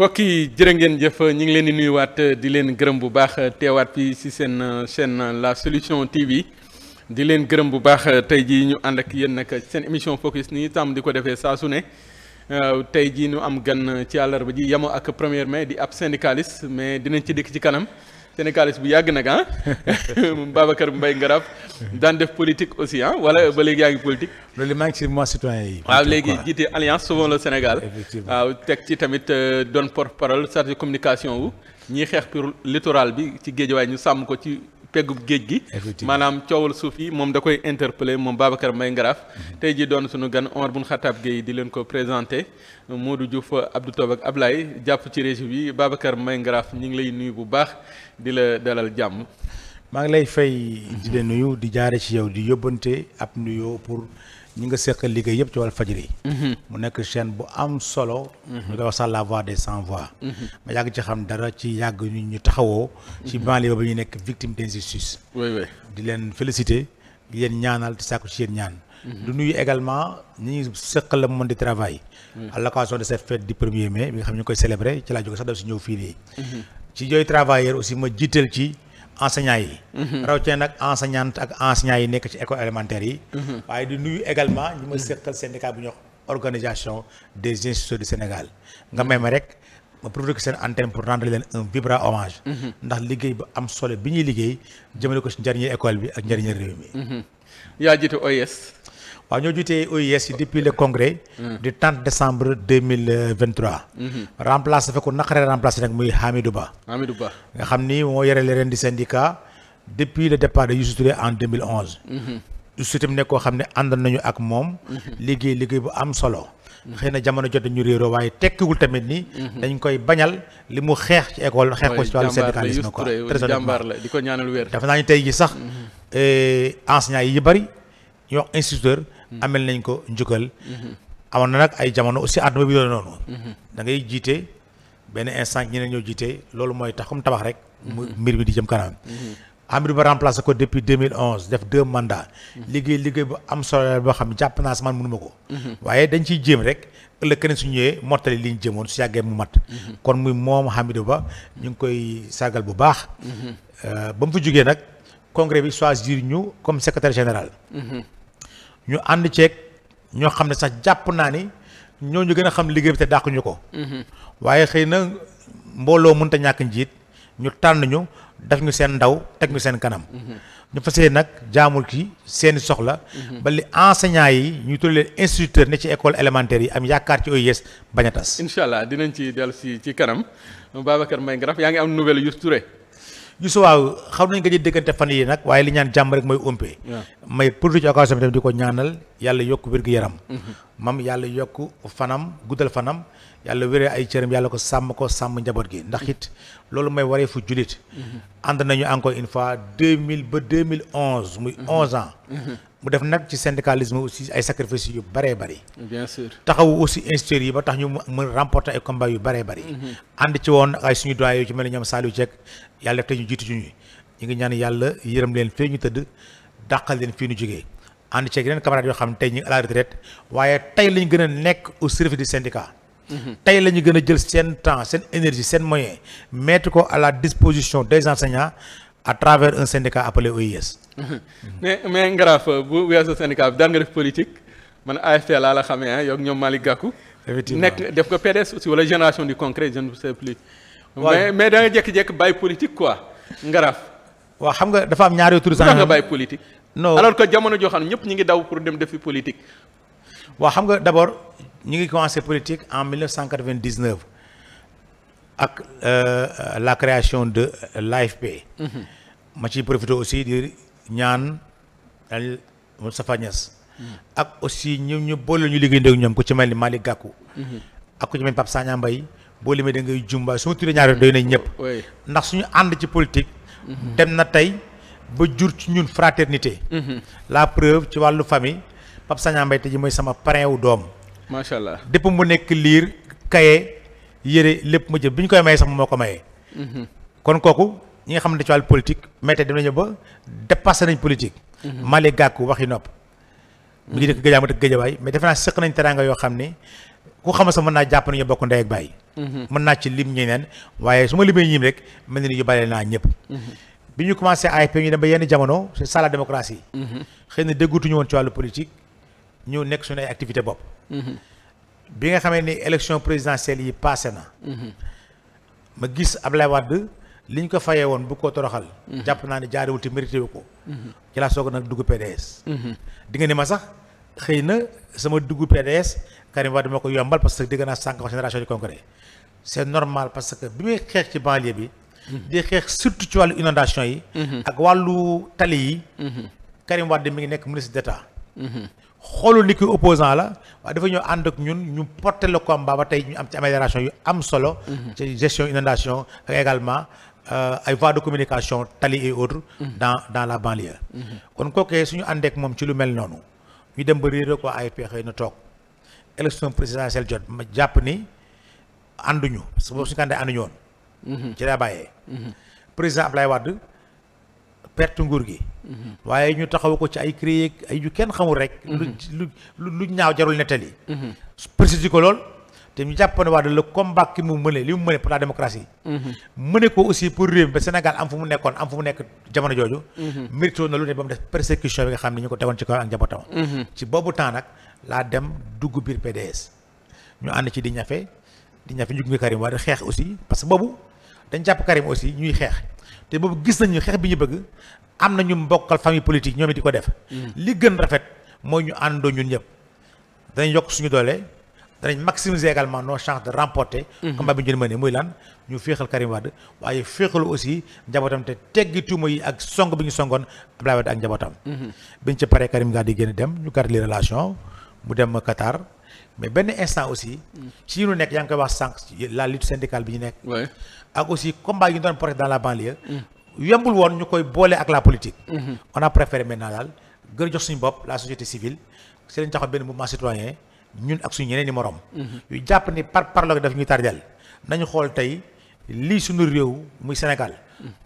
mbokk yi jërë ngeen jëf ñu ngi leen di nuyuwaat di leen gërëm bu baax teewaat fii ci seen seen La Solution TV di leen gërëm bu baax tey jii ñu ànd ak yéen nag seen émission focus ni tam di ko defee saa su ne tey jii ñu am gan ci àllarba ji yamoo ak première mai di ab syndicaliste mais dinañ ci dikk ci kanam. sénégalais bu yàgg nag ah Babacar Mbaye Ngaraf daan def politique aussi ah wala ba léegi yaa ngi politique. loolu maa si ci mois citoyen yi. waaw léegi jiite alliance Sauvons le Sénégal. effectivement waaw teg ci tamit euh, doon porte-parole chargé communication wu ñiy xeex pour littoral bi ci géejawaay ñu sàmm ko ci. peggub géej gi maanaam coowal suuf yi moom da koy interpellé moom Babacar Mbaye Ngaraaf mm-hmm. tey ji doon suñu gan Omar Boun Khattab Gueye di leen ko présenté Modou Diouf Abdou Toob ak Ablaye jàpp ci régie bi Babacar may Ngaraaf ñu ngi lay nuyu bu baax di la dalal jàmm maa ngi lay fay di la mm-hmm. nuyu di jaare ci yow di yóbbante ab nuyoo pour ñi nga seqal liggéey yëpp ci wàllu fajri yi mhm. mu nekk chaîne bu am solo ñu mhm. koy wax sax la voix des sans voix mhm. ma yàgg ci xam dara ci yàgg ñu ñu taxawoo ci banlieue ba ñu nekk victime d'injustice di leen féliciter di leen ñaanal di sàkku ci yéen ñaan du nuyu également ñi seqal le monde du travail à l'occasion de cette fête du premier mai bi nga xam ñu koy célébrer ci laa jóge sax daf si ñëw fii ci yooyu travailleurs aussi ma jiital ci enseignants yi. Mhm. rawatina nag enseignante ak enseignants yi nekk ci école élémentaire yi. Mhm. waaye di nuyu également ñu ma mhm. seqal syndicat bu ñuy wax organisation des institutions du Sénégal nga may ma rek. ma profité ko seen antenne pour rendre leen un vibrant hommage. ndax liggéey bu am solo bi ñuy liggéey jëmale ko ci njariñu école bi ak njariñu réew mi. yaa jiite OIS. E waa ñoo jiitee OIS yi depuis le congrès mm. du 30 décembre 2023 mm-hmm. remplacé fa ko naqaree remplacé nag muy Hamidou Ba Hamidou Ba nga xam ni moo yore leen di syndicat depuis le départ de Youssou Touré en 2011 mm-hmm. Youssou tamit nekk koo xam ne ànd nañu ak moom mm-hmm. liggéey liggéey bu am solo xëy na jamono jot ñu réeroo waaye tekkiwul tamit ni. dañ koy bañal li mu xeex ci école xeex ko ci wàllu syndicalisme quoi très jàmbaar la di ko ñaanal wér dafa naa ñu tey ji sax euh, enseignants yi yu bëri ñu wax Mm-hmm. amel nañ ko njukkal. Mm-hmm. amoon na nag ay jamono aussi àdduna bi doon noonu. Mm-hmm. da ngay jiite benn instant ñeneen ñoo jiite loolu mooy tax comme tabax rek. mu mbir mi di jëm kanam. Hamidou Ba remplacé ko depuis mille 2011 def deux mandats. liggéey liggéey bu am solo boo xam jàpp naa si man mënuma ko. waaye dañ ciy jéem rek ëllëg keneen su ñëwee mottali li ñu jëmoon su yàggee mu mat. kon muy moom Hamidou Ba ñu ngi koy sargal bu baax. Euh, ba mu fa jógee nag congrès bi choisir ñu comme secrétaire général. ñu ànd ceeg ñoo xam ne sax jàpp naa ni ñoo ñu gën a xam liggéey bi te dàquñu ko. Mhm. waaye xëy na mbooloo mënut a ñàkk njiit ñu tànn ñu def ñu seen ndaw teg ñu seen kanam. Mhm. ñu fas yéene nag jaamul ki seen soxla. Mhm. ba li enseignants yi ñu tudd leen instituteurs ne ci école élémentaire yi am yaakaar ci OIS bañ a tas. incha allah dinañ ci dellu si ci kanam Babacar Mbaye Ngaraf yaa ngi am nouvelle yu Touré. Youssouwaaw xam nañ ko di dëggante fan yi nag waaye li ñaan jàmm rek mooy umpe may pour ci occasion bi tamit di ko ñaanal yàlla yokk wér-gu-yaram mm-hmm. mam yàlla yokk fanam guddal fanam yàlla wéree ay cëram yàlla ko sàmm ko sàmm njaboot gi ndax it loolu mooy waree fu julit mm-hmm. ànd nañu encore une deux mille ba deux mille onze muy mm-hmm. onze ans mu def nag ci syndicalisme aussi ay sacrifice yu bëree bëri. bien sûr taxawu aussi instituteurs yi ba tax ñu mën remporter ay combats yu bëree bëri. Mm-hmm. ànd ci woon ay suñu doyen yu ci mel ne ñoom Saliou Dieng yàlla def tey ñu jiitu ci ñu ñu ngi ñaan yàlla yërëm leen fii ñu tëdd dàqal leen fii nu jógee ànd ci yeneen camarades yoo xam ne tey ñu ngi à waaye tey la ñu gën a nekk au service du syndicat. Mm-hmm. tey la ñu gën a jël seen temps seen énergie seen moyen mettre ko à la disposition des enseignants à travers un syndicat appelé OIS. mais mais Ngaraaf bu weesoo syndicat bi daan nga def politique man AFP laa la xamee ah yow ñoom Malick Gakou. effectivement nekk def ko PDS aussi wala génération du concret je ne sais plus. mais mais da nga jékki-jékki bàyyi politique quoi Ngaraaf. waaw xam nga dafa am ñaari tur. nga bàyyi politique. non alors jamono joo xam ne ñëpp ñu ngi daw pour dem defi politique. waa xam nga d' abord ñu ngi commencé politique en 1999 ak euh, la création de euh, l' AFP. Mhm. ma ciy profité aussi ñaan al Moustapha Niass ak aussi ñu ñu boole ñu liggéey ndew ñoom ku ci mel ni Malick Gakou ak ku ci mel ni Pape Sagna Mbaye ma limee da ngay jumbaay su ma tuddee ñaar doy nañ ñëpp ndax suñu ànd ci politique dem na tey ba jur ci ñun fraternité la preuve ci wàllu famille Pape Sagna Mbaye te ji mooy sama parrain wu doom macha allah dépp mu nekk liir kaye yére lépp mu jëm bi ñu koy maye sax moo ko maye mhm. kon kooku ñi nga xamante ci wàllu politique mettee dem nañu ba dépassé mhm. ma dëkk mhm. Géejawaay yoo xam ne ku xamal sax mën naa jàpp nañu bokk ndey ak bàyyi. Mhm. mën naa ci lim ñu neen waaye su ma limee ñiim ba yenn jamono c'est ça la démocratie. xëy na déggutuñu woon ci wàllu politique ñu nekk yi passé na. ma gis Ablaye Wade. li ñu ko fayee woon bu ko toroxal. jàpp naa ne jaariwul te mérité wu ko. ci laa nag dugg PDS. di ni ma sax xëy na sama dugg PDS Karim Wade ma ko yombal parce que dégg naa sànq wax génération parce que bi muy xeex ci bi. di xeex surtout ci wàllu inondation yi. ak wàllu tali yi. Karim Wade mi ngi nekk ministre d' état. xoolul ni ki opposant la waaye dafa ñëw ànd ak ñun ñu porter le combat ba tey ñu am ci amélioration yu am solo. ci gestion inondation ak également. Euh, ay voies de communication tali et autres. Mhm. dans dans la banlieue. Mhm. kon su ñu àndeek moom ci lu mel noonu ñu dem ba réeré ko ay pexe na toog élection présidentielle jot ma jàpp ni ànduñu parce que boobu suñu àndee ànduñu woon. Mhm. ci laa bàyyee. président Ablaye Wade perte nguur gi. waaye ñu taxaw ko ci ay créer ay ju kenn xamul rek. lu lu lu ñaaw jarul nettali. précise ko lool. te ñu jàpp ne waa da le combat ki mu mëne li mu mëne pour la démocratie mëne ko aussi pour réew mi ba Sénégal am fu mu nekkoon am fu mu nekk jamono jooju mérito na lu ne ba mu def persécution bi nga xam ne ñu ko tegoon ci kaw ak njabootam ci boobu temps nag laa dem dugg biir PDS ñu ànd ci di ñafe di ñafe ñu gunge Karim Wade xeex aussi parce que boobu dañ jàpp Karim aussi ñuy xeex te boobu gis nañu xeex bi ñu bëgg am na ñu mbokkal famille politique ñoom it di ko def mm. li gën rafet mooy ñu àndoo ñun ñëpp danañ yokk suñu doole danañ maximiser également nos chances de remporter. Mhm. combat bi ñu mën muy lan ñu féexal Karim waaye féexalu aussi njabootam te teggi tuuma yi ak song bi ñu songoon Abdoulaye Wade ak njabootam. Mhm. biñ ci paree Karim Wade di génn dem ñu garder les relations mu dem Qatar mais benn instant aussi. Mhm. ci ñu nekk yaa ngi koy wax sànq la lutte syndicale bi ñu nekk. ak aussi combat yi ñu doon porté dans la banlieue. yombul woon ñu koy boole ak la politique. on a ñun ak suñu yeneen i morom. yu jàpp ni par parlo daf ñuy tardel nañu xool tey lii suñu réew muy Sénégal.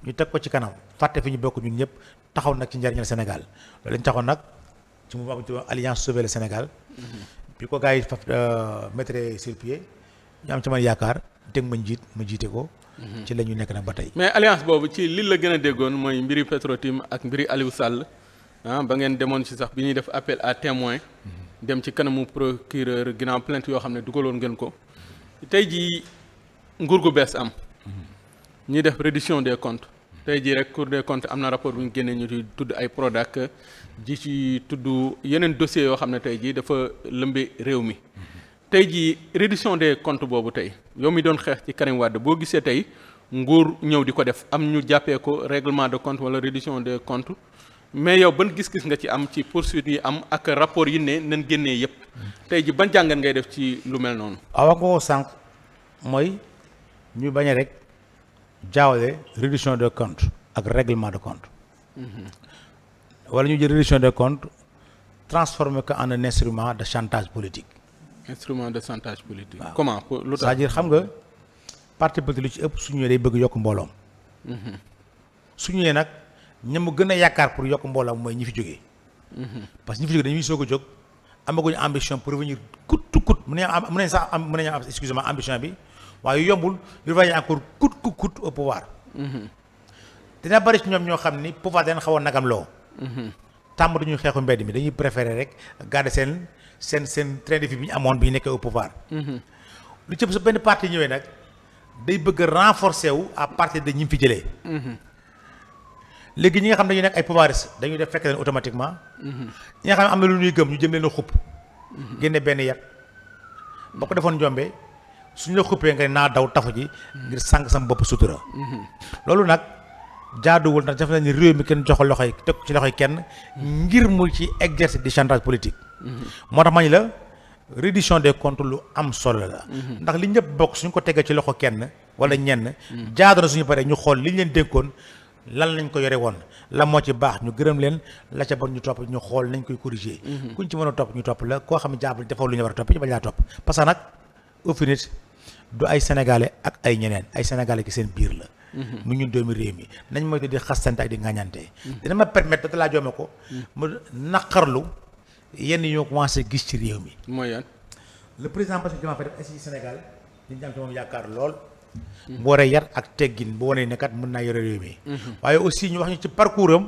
ñu teg ko ci kanam fàtte fi ñu bokk ñun ñëpp taxaw nag ci njariñal Sénégal loolu lañ taxaw nag ci mu am alliance sauver le Sénégal. bi ko gars yi fa euh, mettre sur pied ñu am ci man yaakaar dégg ma njiit ma jiite ko. ci la ñu nekk nag ba tey. mais alliance boobu ci li la gën a déggoon mooy mbiri Petro Tim ak mbiri Aliou Sall ah, ba ngeen demoon ci sax bi ñuy def appel à témoin dem ci kanamu procureur ginnaaw plainte yoo xam ne dugaloon ngeen ko tey jii nguur gu bees am ñuy def réduction des comptes tey jii rek cour des comptes am na rapport bu ñu génnee ñu ci tudd ay Prodac ji ci tudd yeneen dossiers yoo xam ne tey jii dafa lëmbi réew mi tey jii reddition des comptes boobu tey yow mi doon xeex ci Karim Wade boo gisee tey nguur ñëw di ko def am ñu jàppee ko règlement de compte wala reddition des comptes mais yow ban gis-gis nga ci am ci poursuite yi am ak rapport yi ne nañ génnee yëpp tey ji ban jàngat ngay def ci lu mel noonu. awa ko sànq mooy ñu bañ rek jaawale réduction de compte ak règlement de compte. Mm-hmm. wala ñu jël réduction de compte transformer ko en na instrument de chantage politique. instrument de chantage politique. waaw comment lu tax xam nga parti politique lu ci ëpp suñu day bëgg yokk mbooloom. Mm-hmm. suñu nee nag. ña mu gën a yaakaar pour yokk mbooloo mooy ñi fi jógee. parce que ñi fi dañuy soog a jóg amaguñu ambition pour revenir coûte encore coûte que au pouvoir. dina bari ci ñoom ñoo xam ni pouvoir dañ a nagam loo. tàmm duñu xeexu mbedd mi dañuy préférer rek garder seen seen seen train de vie bi ñu amoon bi ñu nekkee au pouvoir. lu cëpp sa benn parti ñëwee nag day bëgg a renforcer partir de ñi fi jëlee. léegi ñi nga xam ne ñu nekk ay pouvoiriste dañuy def fekk leen automatiquement. ñi nga xam ne am na lu ñuy gëm ñu jëm leen xupp. génne benn yat boo ko defoon njombe suñu la xuppee nga naa daw tafu ji. ngir sànq sama bopp sutura. loolu nag jaaduwul ndax def nañu réew mi kenn jox loxo yi teg ci loxo yi kenn. ngir mu ci exercice di chantage politique. moo tax mañ la reddition des comptes lu am solo la. ndax li ñëpp bokk suñ ko tegee ci loxo kenn. wala ñenn. jaadu suñu paree ñu xool li leen dénkoon lan lañ ko yore woon la moo ci baax ñu gërëm leen la ca bon ñu topp ñu xool nañ koy corriger. Mhm. kuñ ci mën a topp ñu topp la koo xam ne jàppale defoo lu ñu war a topp ñu nag au du ay sénégalais ak ay ñeneen ay sénégalais ki seen biir la. nu mhm. ñun doomi réew mi nañ moytu di xastante ak di ŋañante. Mhm. dina ma permettre da laa joome ko. mu naqarlu yenn yoo commencé gis ci réew mi. mooy yan. le président Bassirou Diomaye Faye def ay si Sénégal di ñu am ci moom yaakaar lool. bu waree yar ak teggin bu wanee ne kat mën naa yore réew mi mhm. waaye aussi ñu wax ñu ci parcours am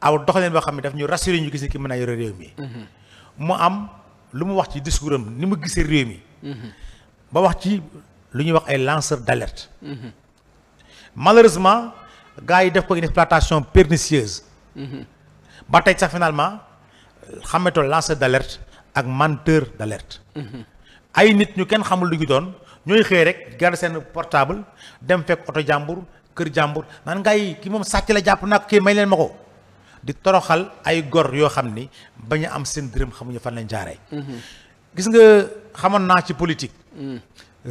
aw doxalin boo xam ne daf ñu rassuré ñu gis ne ki mën naa yore réew mi mhm. mu am lu mu wax ci discours am ni mu gisee réew mi mhm. ba wax ci lu ñu wax ay lanceur d' alerte malheureusement gars yi def ko une exploitation pernicieuse ba tey sax finalement xametoo lanceur d' alerte ak menteur d' ay nit ñu kenn xamul lu ñu doon ñooy xëy rek gar seen portable dem fekk oto jàmbur kër jàmbur naan ngay ki moom sàcc la jàpp naa ko kii may leen ma ko di toroxal ay gor yoo xam ni bañ am seen dërëm xamuñu fan lañ jaaree. Mm-hmm. gis nga xamoon naa ci politique. Mm-hmm.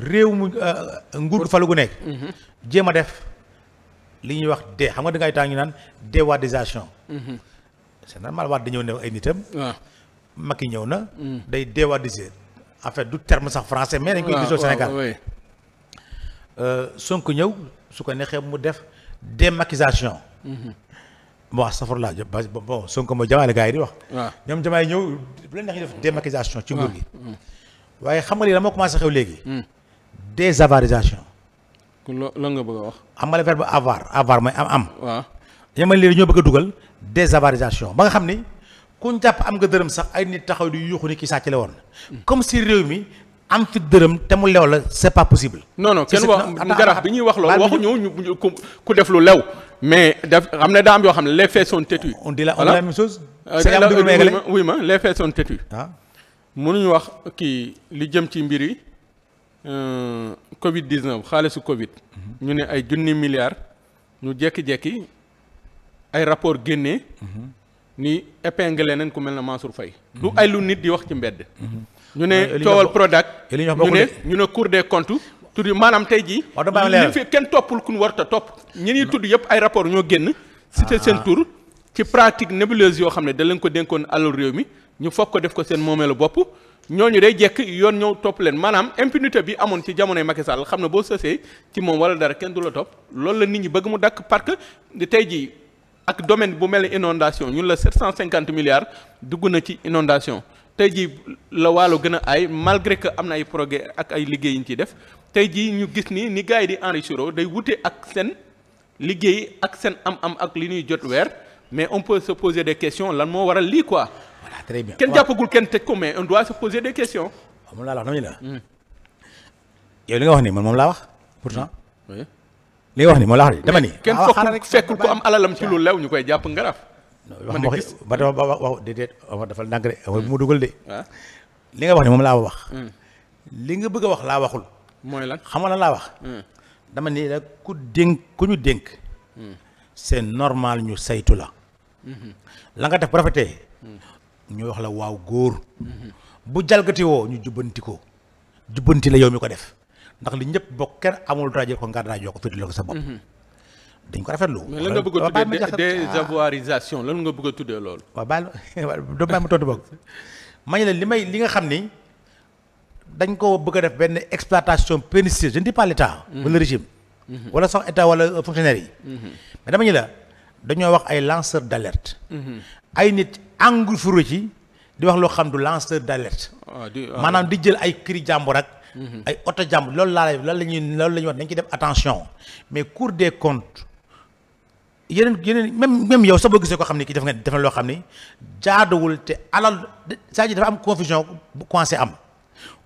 réew mu euh, nguur gu falu gu nekk. Mm-hmm. jéem a def li ñuy wax dee xam nga dangay taa ñu naan déwadisation. c'est la waat dañoo ne ay nitam. waaw Macky ñëw na. Mm. day déwadiser. en fait du terme sax français mais dañ koy gisoo Sénégal euh, Sonko ñëw su ko neexee mu def démaquisation mu mhm. wax safar laa bon Sonko mooy jamaale gars yi di wax ñoom jamaay ñëw bu leen neex ñu def démaquisation ci nguur gi mhm. waaye xam nga lii la moo commencé xew léegi mm. désavarisation lo lan nga bëgg a wax xam nga le verbe avoir avoir mooy am am waaw ñoom lii ñoo bëgg a dugal désavarisation ba nga xam ni ku ñu jàpp am nga dërëm sax ay nit taxaw di yuuxu ni ki sàcc la woon. comme si réew mi am fi dërëm te mu lew la c'est pas possible. non non kenn wax garaaf bi ñuy wax loolu waxuñu ñu ku def lu lew. mais daf am na daa am yoo xam ne les faits sont têtus. on dit la on dit la même chose. Euh, oui ma les faits sont têtus. Ah. mënuñu wax kii li jëm ci mbir yi euh, Covid 19 xaalisu Covid. Mhm. ñu ne ay junni milliards ñu jékki-jékki ay rapport génnee. Mhm. ni épinglé nañ ku mel ne Mansour Faye du mhm. ay lu nit di wax ci mbedd. Mhm. ñu ne Cour des comptes. tudd maanaam tey jii. li fi kenn toppul ku ñu warta topp. ñi ñuy tudd yëpp ay rapport ñoo génn. cité ah. seen tur ci pratique nébuleuse yoo xam ne da ko dénkoon alal réew mi ñu foog ko def ko seen moomeelu bopp. ñoo ñooñu day jekk yoon ñëw topp leen maanaam impunité bi amoon ci jamonoy Macky Sall xam ne boo sësee ci moom wala dara kenn du la topp loolu la nit ñi bëgg ak domaine bu mel ni inondation ñun la 750 milliards dugg na ci inondation tey jii la waalo gën a ay malgré que am na ay progrès ak ay liggéey yi ñu ciy def tey jii ñu gis ni ni gars yi di enrichiro day wute ak seen liggéey ak seen am-am ak li ñuy jot weer mais on peut se poser des questions lan moo waral lii quoi. voilà très bien kenn jàppagul kenn tëj ko mais on doit se poser des questions. waaw moom laa la wax noonu la. Hmm. yow li nga wax nii man moom laa wax pourtant. Hmm. li nga wax ni moo la wax de dama ni. kenn fekkul ku am alalam ci lu ñu koy jàpp ngaraaf. man de gis ba dama ba wax déedéet Omar dafa ndànk de Omar bu ma de. Ah. li wax ni moom laa wax. Hmm. li nga bëgg a wax laa waxul. mooy lan xam nga laa wax. Hmm. dama ni rek ku dénk ku ñu dénk. Hmm. c'est normal ñu saytu la. la nga def bu rafetee. ñu wax la waaw góor. bu jalgati woo ñu jubbanti ko jubbanti la yow mi ko def. ndax li ñëpp bokk kenn amul dara jël ko nga dara jox ko tuddee ko sa bopp. Mhm. dañ ko rafetlu. mais bëgg a ah. lan nga bëgg a tuddee loolu. waaw baal doo bàyyi ma tontu ma la li may li nga xam ni dañ ko bëgg a def benn exploitation pernicieuse je ne dis pas mhm. wala régime. Mhm. wala sax état wala fonctionnaire yi. mais dama ñu la dañoo wax ay lanceur d' alerte. ay nit engouffré ci di wax loo xam du lanceur d' alerte. Ah, ah. maanaam di jël ay cri jàmbur ak. Mhm. ay oto jàmbur lool laa lay loolu la ñuy la ñuy wax dañ ci def attention mais cour de comptes yeneen yeneen même même yow sax boo gisee ko xam ne kii def nga def na loo xam ne jaaduwul te alal c'est-à-dire dafa am confusion bu commencé am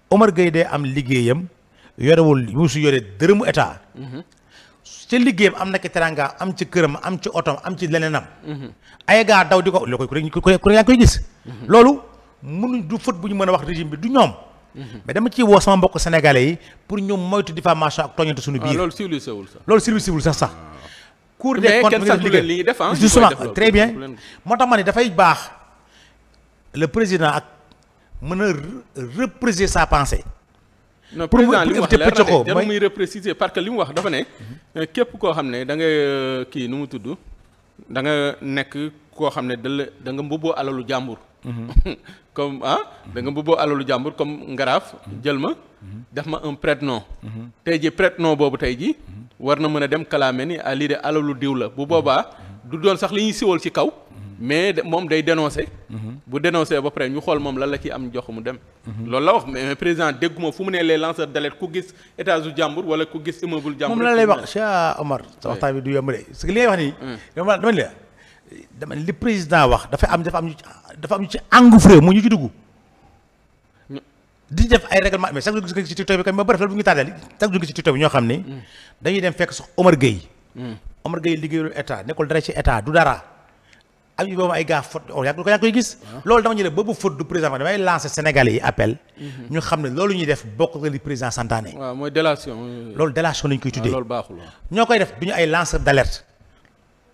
Omar Gueye day am liggéeyam yorewul yuusu yore dërëmu état mhm. ci liggéeyam am na ci teranga am ci këram am ci otom am ci leneenam mhm. ay gaa daw di ko loo koy ku rek yaa koy gis loolu mënuñ du fët bu ñu mën a wax régime bi du ñoom mais dama ciy woo sama mbokk sénégalais yi pour ñu moytu diffamation ak tooñante suñu ah, biir. loolu civilisé wul sax loolu civilisé wul sax sax. Ah. cour des comptes mais kenn def ah, justement très bien moo tax ma ne dafay baax le président ak mën a repriser sa pensée. non président li mu wax leer na de jar muy repréciser parce que li mu wax dafa ne euh, képp koo xam ne da nga euh, kii nu mu tudd da nga nekk koo xam ne da da nga mbubboo alalu jàmbur. comme ah da nga mbubboo alalu jàmbur comme ngaraaf jël ma def ma un prête-nom tey ji prête-nom boobu tey ji war na mën a dem kalaame ni ah lii de alalu diw la bu boobaa du doon sax li ñuy siwal ci kaw mais moom day dénoncé bu dénoncé ba pare ñu xool moom lan la ciy am jox mu dem loolu la wax mais président dégguma fu mu nee les lanceurs d'alerte ku gis étage u jàmbur wala ku gis immeuble jàmbur moom la lay wax Cheikh Omar sa waxtaan bi du yomb de parce li ngay wax nii mm. dama dama li président wax dafa am dafa am ñu ci dafa am ñu ci engouffré ñu ci dugg di def ay règlement mais chaque jour ci TikTok bi bu ngi tardé chaque jour bi ñoo xam ni hmm. dañuy dem fekk sax Omar Gueye hmm. Omar Gueye liggéeyul état nekkul dara ci état du dara am ñu boobu ay gars o oh, yàgg ko yàgg koy gis ah. loolu dama ñu def boobu faute du président fa damay lancé Sénégalais yi appel hmm. ñu xam ne loolu ñuy def bokk nga li président santaane loolu délation lañ koy tuddee ñoo koy def du ñu ay lanceur d'alerte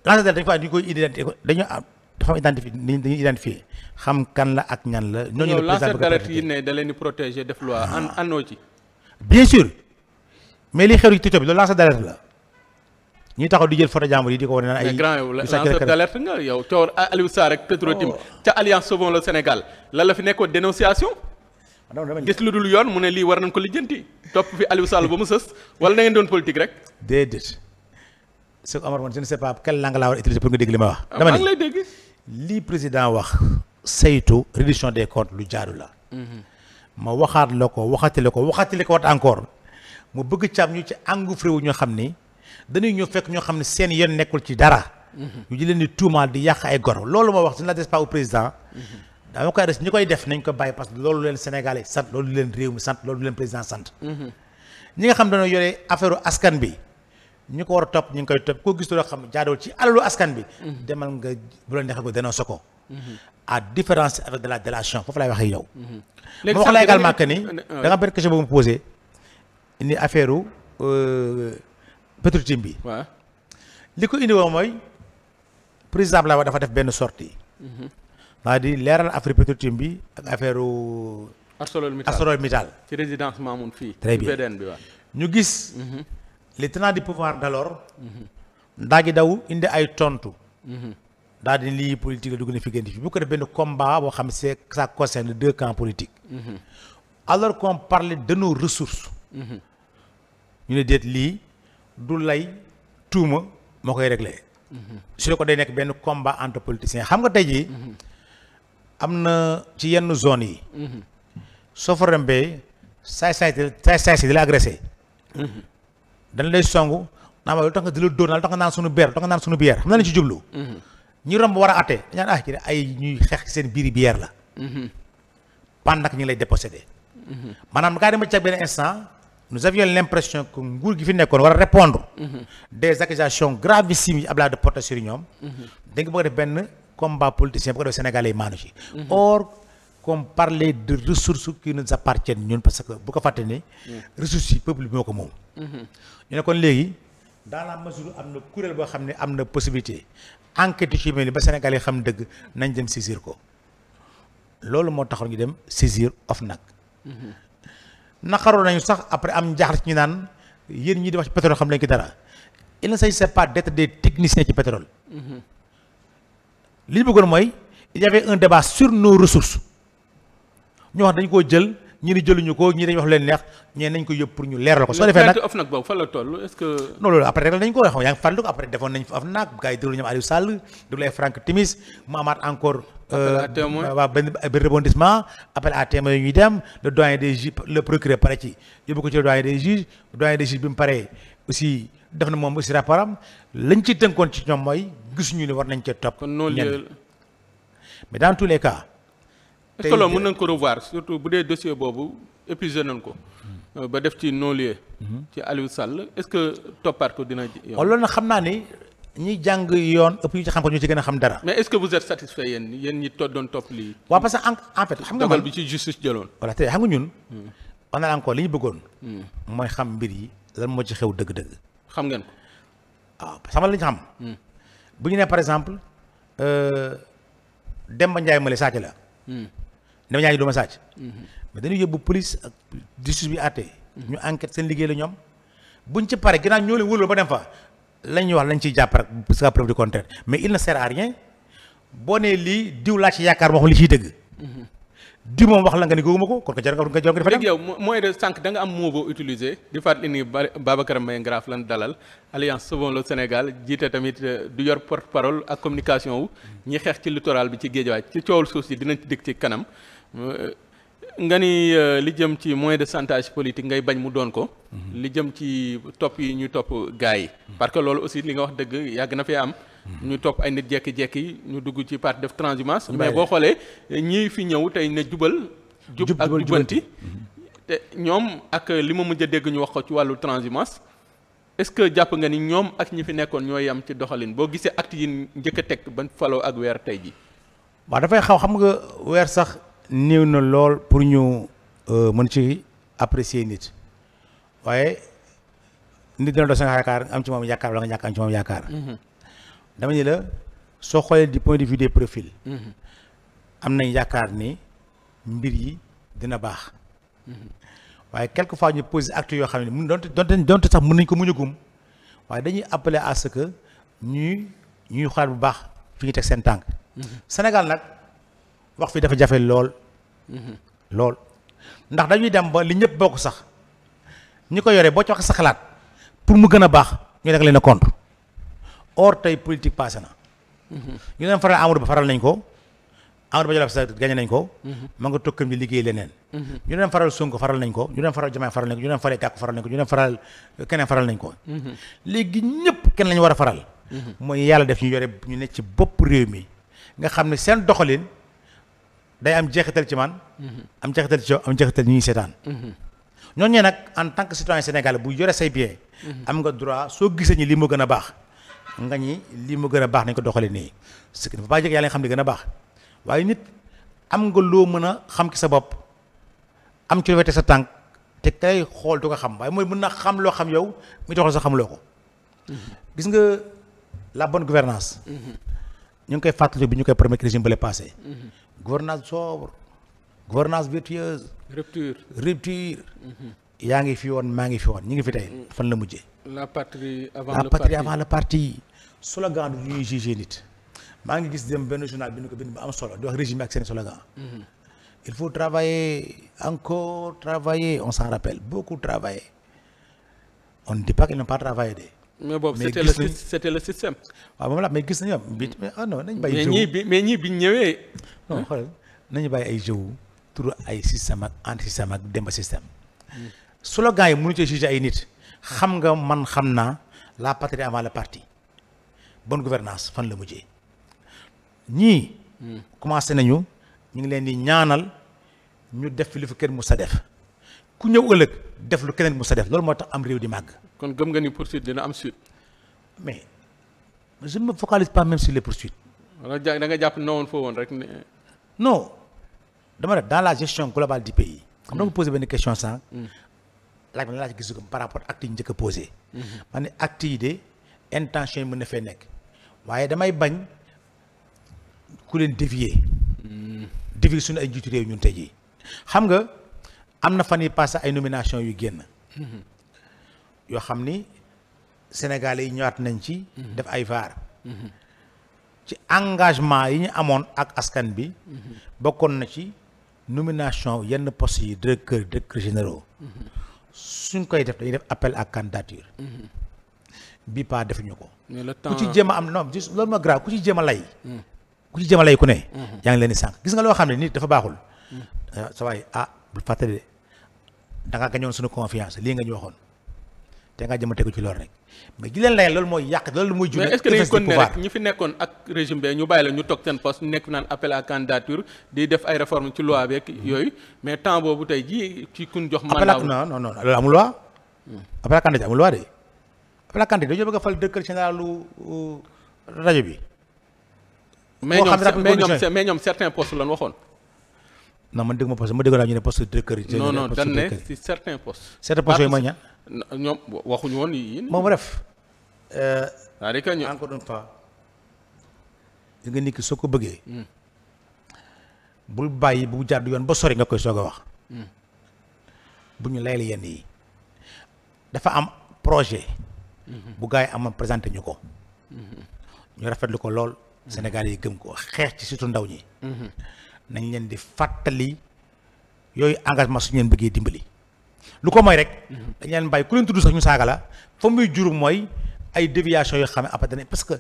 lanceur d'alerte dañ dañu koy identifié dañu am dafa am identifié dañuy identifié xam kan la ak ñan la. ñooñu la lanceur d'alerte yi ne da leen di protéger def loi an anoo ah. ci. mais li xew bi loolu lanceur d'alerte la ñuy taxaw di jël photo yi di ko wane naan ay. mais grand yow lanceur d'alerte nga yow coow Aliou Sarr ak Petro Tim oh. ca Alliance Sauvons le la fi nekkoon dénonciation. Ah, gis lu dul yoon mu ne lii war nañ ko lijjanti topp fi Aliou Sall ba mu sës wala na ngeen doon politique rek. déedéet. Cheikh Omar man je ne sais pas quelle langue laa war a pour nga dégg li ma wax. Ah, dama ni lay président wax saytu réduction des comptes lu jaadu la. Mhm. ma waxaat la ko waxati la ko waxati la ko wat encore mu bëgg caab ñu ci engouffré wu ñoo xam ni dañuy ñëw fekk ñoo xam ne seen yoon nekkul ci dara. Mhm. ñu ji leen di tuumaal di yàq ay goro loolu ma wax je n'adresse pas au président. Mhm. dama koy adresse ñi koy def nañ ko bàyyi parce que loolu leen Sénégalais sant loolu leen réew sant loolu leen président askan bi. ñu ko war a topp ñu ngi koy topp koo gis loo xam ne jaadool ci alalu askan bi demal nga bu la neexee ko dénoncé ko à différence avec de la délation foofu laay waxee yow ma wax la également que ni euh, euh, euh. da nga benn question boobu mu posé ni affaire u Petrotim bi li ko indi woo mooy président Abdoulaye Wade dafa def benn sortie daa mhm. di leeral affaire Petrotim bi ak affaire u ArcelorMittal ArcelorMittal ci résidence Mamoun fii très bien ñu gis mhm. les tenants du pouvoir d'alors ndaa ji daw indi ay tontu daal di lii politique la dugg na fi génn ko def benn combat boo xam c'est ça concerne deux camps politiques alors qu'on parlait de nos ressources ñu ne déet lii du lay tuuma moo koy réglé su ko day nekk benn combat entre xam nga tey jii am na ci yenn zone yi soo fa rembee saay saay saay saay si di la agressé dañ lay songu naa ma lu tax nga di la dóor naa lu tax nga naan suñu bière lu tax nga naan suñu bière xam na lañ ci jublu mhm. ñi romb war a atte ñaan ah ci ay ñuy xeex ci seen biiri bière la mhm. pan nag ñu ngi lay dépossédé mhm. maanaam gaa dema ci benn instant nous avions l'impression que gi fi nekkoon war a de porter sur ñoom da nga bëgg def benn combat politicien bu ko def sénégalais yi maanu ci or comme parler de ressources qui nous appartiennent ñun parce que bu ko fàtte ni ressources yi peuple bi moo ko moom ñu ne kon léegi dans la mesure am na kuréel boo xam ne am na possibilité enquête ci mel ba Sénégal yi xam dëgg nañ dem saisir ko loolu moo taxoon ñu dem saisir OFNAC naqaroon nañu sax après am njaaxle ci ñu naan yéen ñi di wax ci pétrole xam lañ ko dara il ne s'agissait pas d'être des techniciens ci pétrole mm-hmm. li ñu bëggoon mooy il y avait un débat sur nos ressources ñu wax dañu koo jël ñi ni jëluñu ko ñi dañ wax leen neex ñee nañ ko yëpp pour ñu leeral ko soo defee nag of nag fa la toll est-ce que non loolu après rek nañ ko xam yaa ngi fàttaliku après defoon nañ fa af naag gars yi déglu ñoom Aliou Sall déglu ay Franck Timis mu amaat encore euh, waaw benn ñuy dem le doyen des juges le procureur pare ci yóbbu ko ci le doyen des juges bi mu paree aussi def na moom aussi rapport am lañ ci tënkoon ci ñoom mooy gisuñu ne war nañ cee topp mais dans tous les cas est-ce que loolu mën nañ ko revoir surtout bu dee dossier boobu épuisé nañ ko. Euh, ba def ci non lieu. Mhm. ci Aliou Sall est-ce que toppaat ko dina. yoon oh, loolu na xam naa ni ñiy jàng yoon ëpp ñu ci xam ko ñu ci gën a xam dara. mais est-ce que vous êtes satisfait yéen yéen ñi to doon topp lii. waaw parce que en fait xam nga dogal bi ci justice jëloon. voilà tey ñun. on hmm. a encore li ñu bëggoon. Hmm. mooy xam mbir yi lan moo ci xew dëgg-dëgg. xam ngeen ko. waaw ah, parce que xam ñu xam. Hmm. bu ñu nee par exemple euh, Demba Ndiaye Mbale sàcc la. dama ñaa ji duma sàcc mais dañu yóbbu police ak justice bi àtte ñu enquête seen liggéey la ñoom buñ ci pare ginnaaw ñoo leen wóolu ba dem fa lañ ñuy wax lañ ciy jàpp rek parce que preuve contraire mais il ne sert à boo nee lii diw laa ci yaakaar moo xam li ciy dëgg mhm. di moom wax la nga ni googuma ko kon ko jar nga jar nga dafa dem yow mooy de sànq nga am mot boo utilisé di fàttali ni Babacar Mbaye Ngaraf lan dalal alliance Sauvons le Sénégal jiite tamit euh, du yor porte parole ak communication wu mhm. xeex ci littoral bi ci géejawaay ci coowul suuf si dinañ ci dikk kanam Euh, nga ni euh, li jëm ci moyen de chantage politique ngay bañ mu doon ko. Mhm. li jëm ci topp yi ñu topp gars yi. Mhm. parce que loolu aussi li nga wax dëgg yàgg na fee am. Mhm. ñu topp ay nit jekki-jekki ñu dugg ci parti def transhumance. mais boo xoolee ñii fi ñëw tey ne jubal. jub ak jubanti te ñoom ak li ma mujj a dégg ñu wax ko ci wàllu transhumance. est-ce que jàpp nga ni ñoom ak ñi fi nekkoon ñooy yam ci doxalin boo gisee acte yi njëkk a teg ban faloo ak weer tey ji waaw dafay xaw xam néew na lool pour ñu euh, mën ci apprécier nit waaye nit dina doon sa nga yaakaar am ci moom yaakaar wala nga ñàkk am ci moom yaakaar mhm. dama ni la soo xoolee du point de vue des profils mhm. am nañ yaakaar ni mbir yi dina baax mhm. waaye quelque fois ñu posé acte yoo xam ne mun donte donte donte sax mun nañ ko muñagum waaye dañuy appeler à que ñuy ñuy xalaat bu baax fi ñu teg seen tànk Sénégal nag wax fi dafa jafe lool. lool ndax dañuy dem ba li ñëpp bokk sax ñi ko yore boo ci wax sa xalaat pour mu gën a baax ñu nekk leen a contre or tey politique passé na. ñu leen faral Amadou Ba faral nañ ko. Amadou Ba Jolof sa gañe nañ ko. ma nga tokkam di liggéey leneen. ñu leen faral sunk faral nañ ko ñu leen faral Diomaye faral nañ ko ñu leen faral faral ko ñu leen faral keneen faral nañ ko. léegi ñëpp kenn lañu war a faral. Mhm. mooy yàlla def ñu yore ñu ne ci bopp réew mi xam ne seen doxalin. day am jeexital ci man. am jeexital ci am jeexital ñuy seetaan. ñooñu nag en tant que citoyen Sénégal bu yore say bien. am nga droit soo gisee ñi lii moo gën a baax nga ñi lii moo gën a baax nañ ko doxalee nii ce qui ne pas nga xam ne gën a waaye nit am nga loo mën a xam ci sa bopp am ci lu wete sa tànk te kay xool du ko xam waaye mooy mën na xam loo xam yow mu doxal sa xamuloo ko. gis nga la bon gouvernance mhm. ñu ngi koy fàttali bi ñu koy premier crise yi bële passé mhm. gouvernance sobre gouvernance vertueuse rupture rupture mhm. yaa ngi fi woon maa ngi fi woon ñi ngi fi tey mm. fan la mujjee la patrie avant parti la patrie avant le parti slogan du ñuy jugé nit maa ngi gis dem benn journal bi ko bind ba am solo di wax régime ak seen slogan mhm. il faut travailler encore travailler on s'en rappelle beaucoup travailler on ne dit pas qu'ils pas travaillé de mais boobu c'était le c'était le système. waaw moom la mais gis nañu am bi ah non nañu bàyyi. jëw mais ñii bi mais ñii bi ñëwee. nañu bàyyi ay jëw tur ay système ak anti système ak demba système. slogan yi mënu ci juger ay nit. xam nga man xam naa la patrie avant le parti bon gouvernance fan la mujjee ñii. Hmm. commencé nañu ñu ngi leen di ñaanal ñu def fi li fu kër mu sa def ku ñëw ëllëg def lu keneen mu sa def loolu moo tax am réew di màgg. kon gëm nga ni poursuite dina am suite. mais je ne me focalise pas même sur les poursuites. wala da nga jàpp ne woon foo woon rek. no dama ne dans la gestion globale du pays. xam nga mu mm. ni question sànq. Mm. laaj ma ne laa ci gis par rapport acte yi njëkk a mm-hmm. ma ne acte yi de intention yi mën na fee nekk waaye damay bañ ku leen dévier. Mm. dévier suñu ay njiitu réew ñun tey jii. xam nga am na fan yi passé ay nomination yu génn. Mm-hmm. yoo xam ni sénégalais yi ñëwaat nañ ci mhm. def ay var mhm. ci engagement yi ñu amoon ak askan bi mhm. bokkoon na ci nomination yenn poste yi directeur directeur généraux suñ koy def dañuy def appel ak candidature bi pas defuñu ko ku ci jéem a am non loolu ma grave ku ci jéem a lay ku ne yaa ngi leen di sànq gis nga loo xam ne nit dafa baaxul sa waay ah bul fàttali de da gañoon suñu confiance lii nga ñu waxoon te nga jëm a tegu ci loolu rek mais ji leen layal loolu mooy yàq loolu mooy. jur mais est-ce kon ne rek ñi fi nekkoon ak régime bi ñu bàyyi la ñu toog seen poste nekk naan appel à candidature mais temps boobu tey jii ci kun jox. mandat appel non non non loolu amul loi. appel à candidature amul loi de appel à candidature dañoo a fal rajo bi. mais ñoom mais ñoom certains postes lañ certains postes. yooyu mooy ñaan. ñoom waxuñu woon yéen. moom bref. Euh, c'est-à-dire que ñu euh, encore nga nit ki soo ko bëggee. Hmm. bul bàyyi bu jàdd yoon ba sori nga koy soog a wax. Hmm. bu ñu layal yenn yi. dafa am projet. Hmm. bu gars yi amoon présenté ñu ko. ñu rafetlu ko lool. Sénégal yi gëm ko xeex ci surtout ndaw ñi. nañ leen di fàttali yooyu engagement suñu leen bëggee dimbali. lu ko mooy rek mhm. dañ leen bàyyi ku leen tudd sax ñu saaga la fa muy jur mooy ay déviation yoo xam ne après dana parce que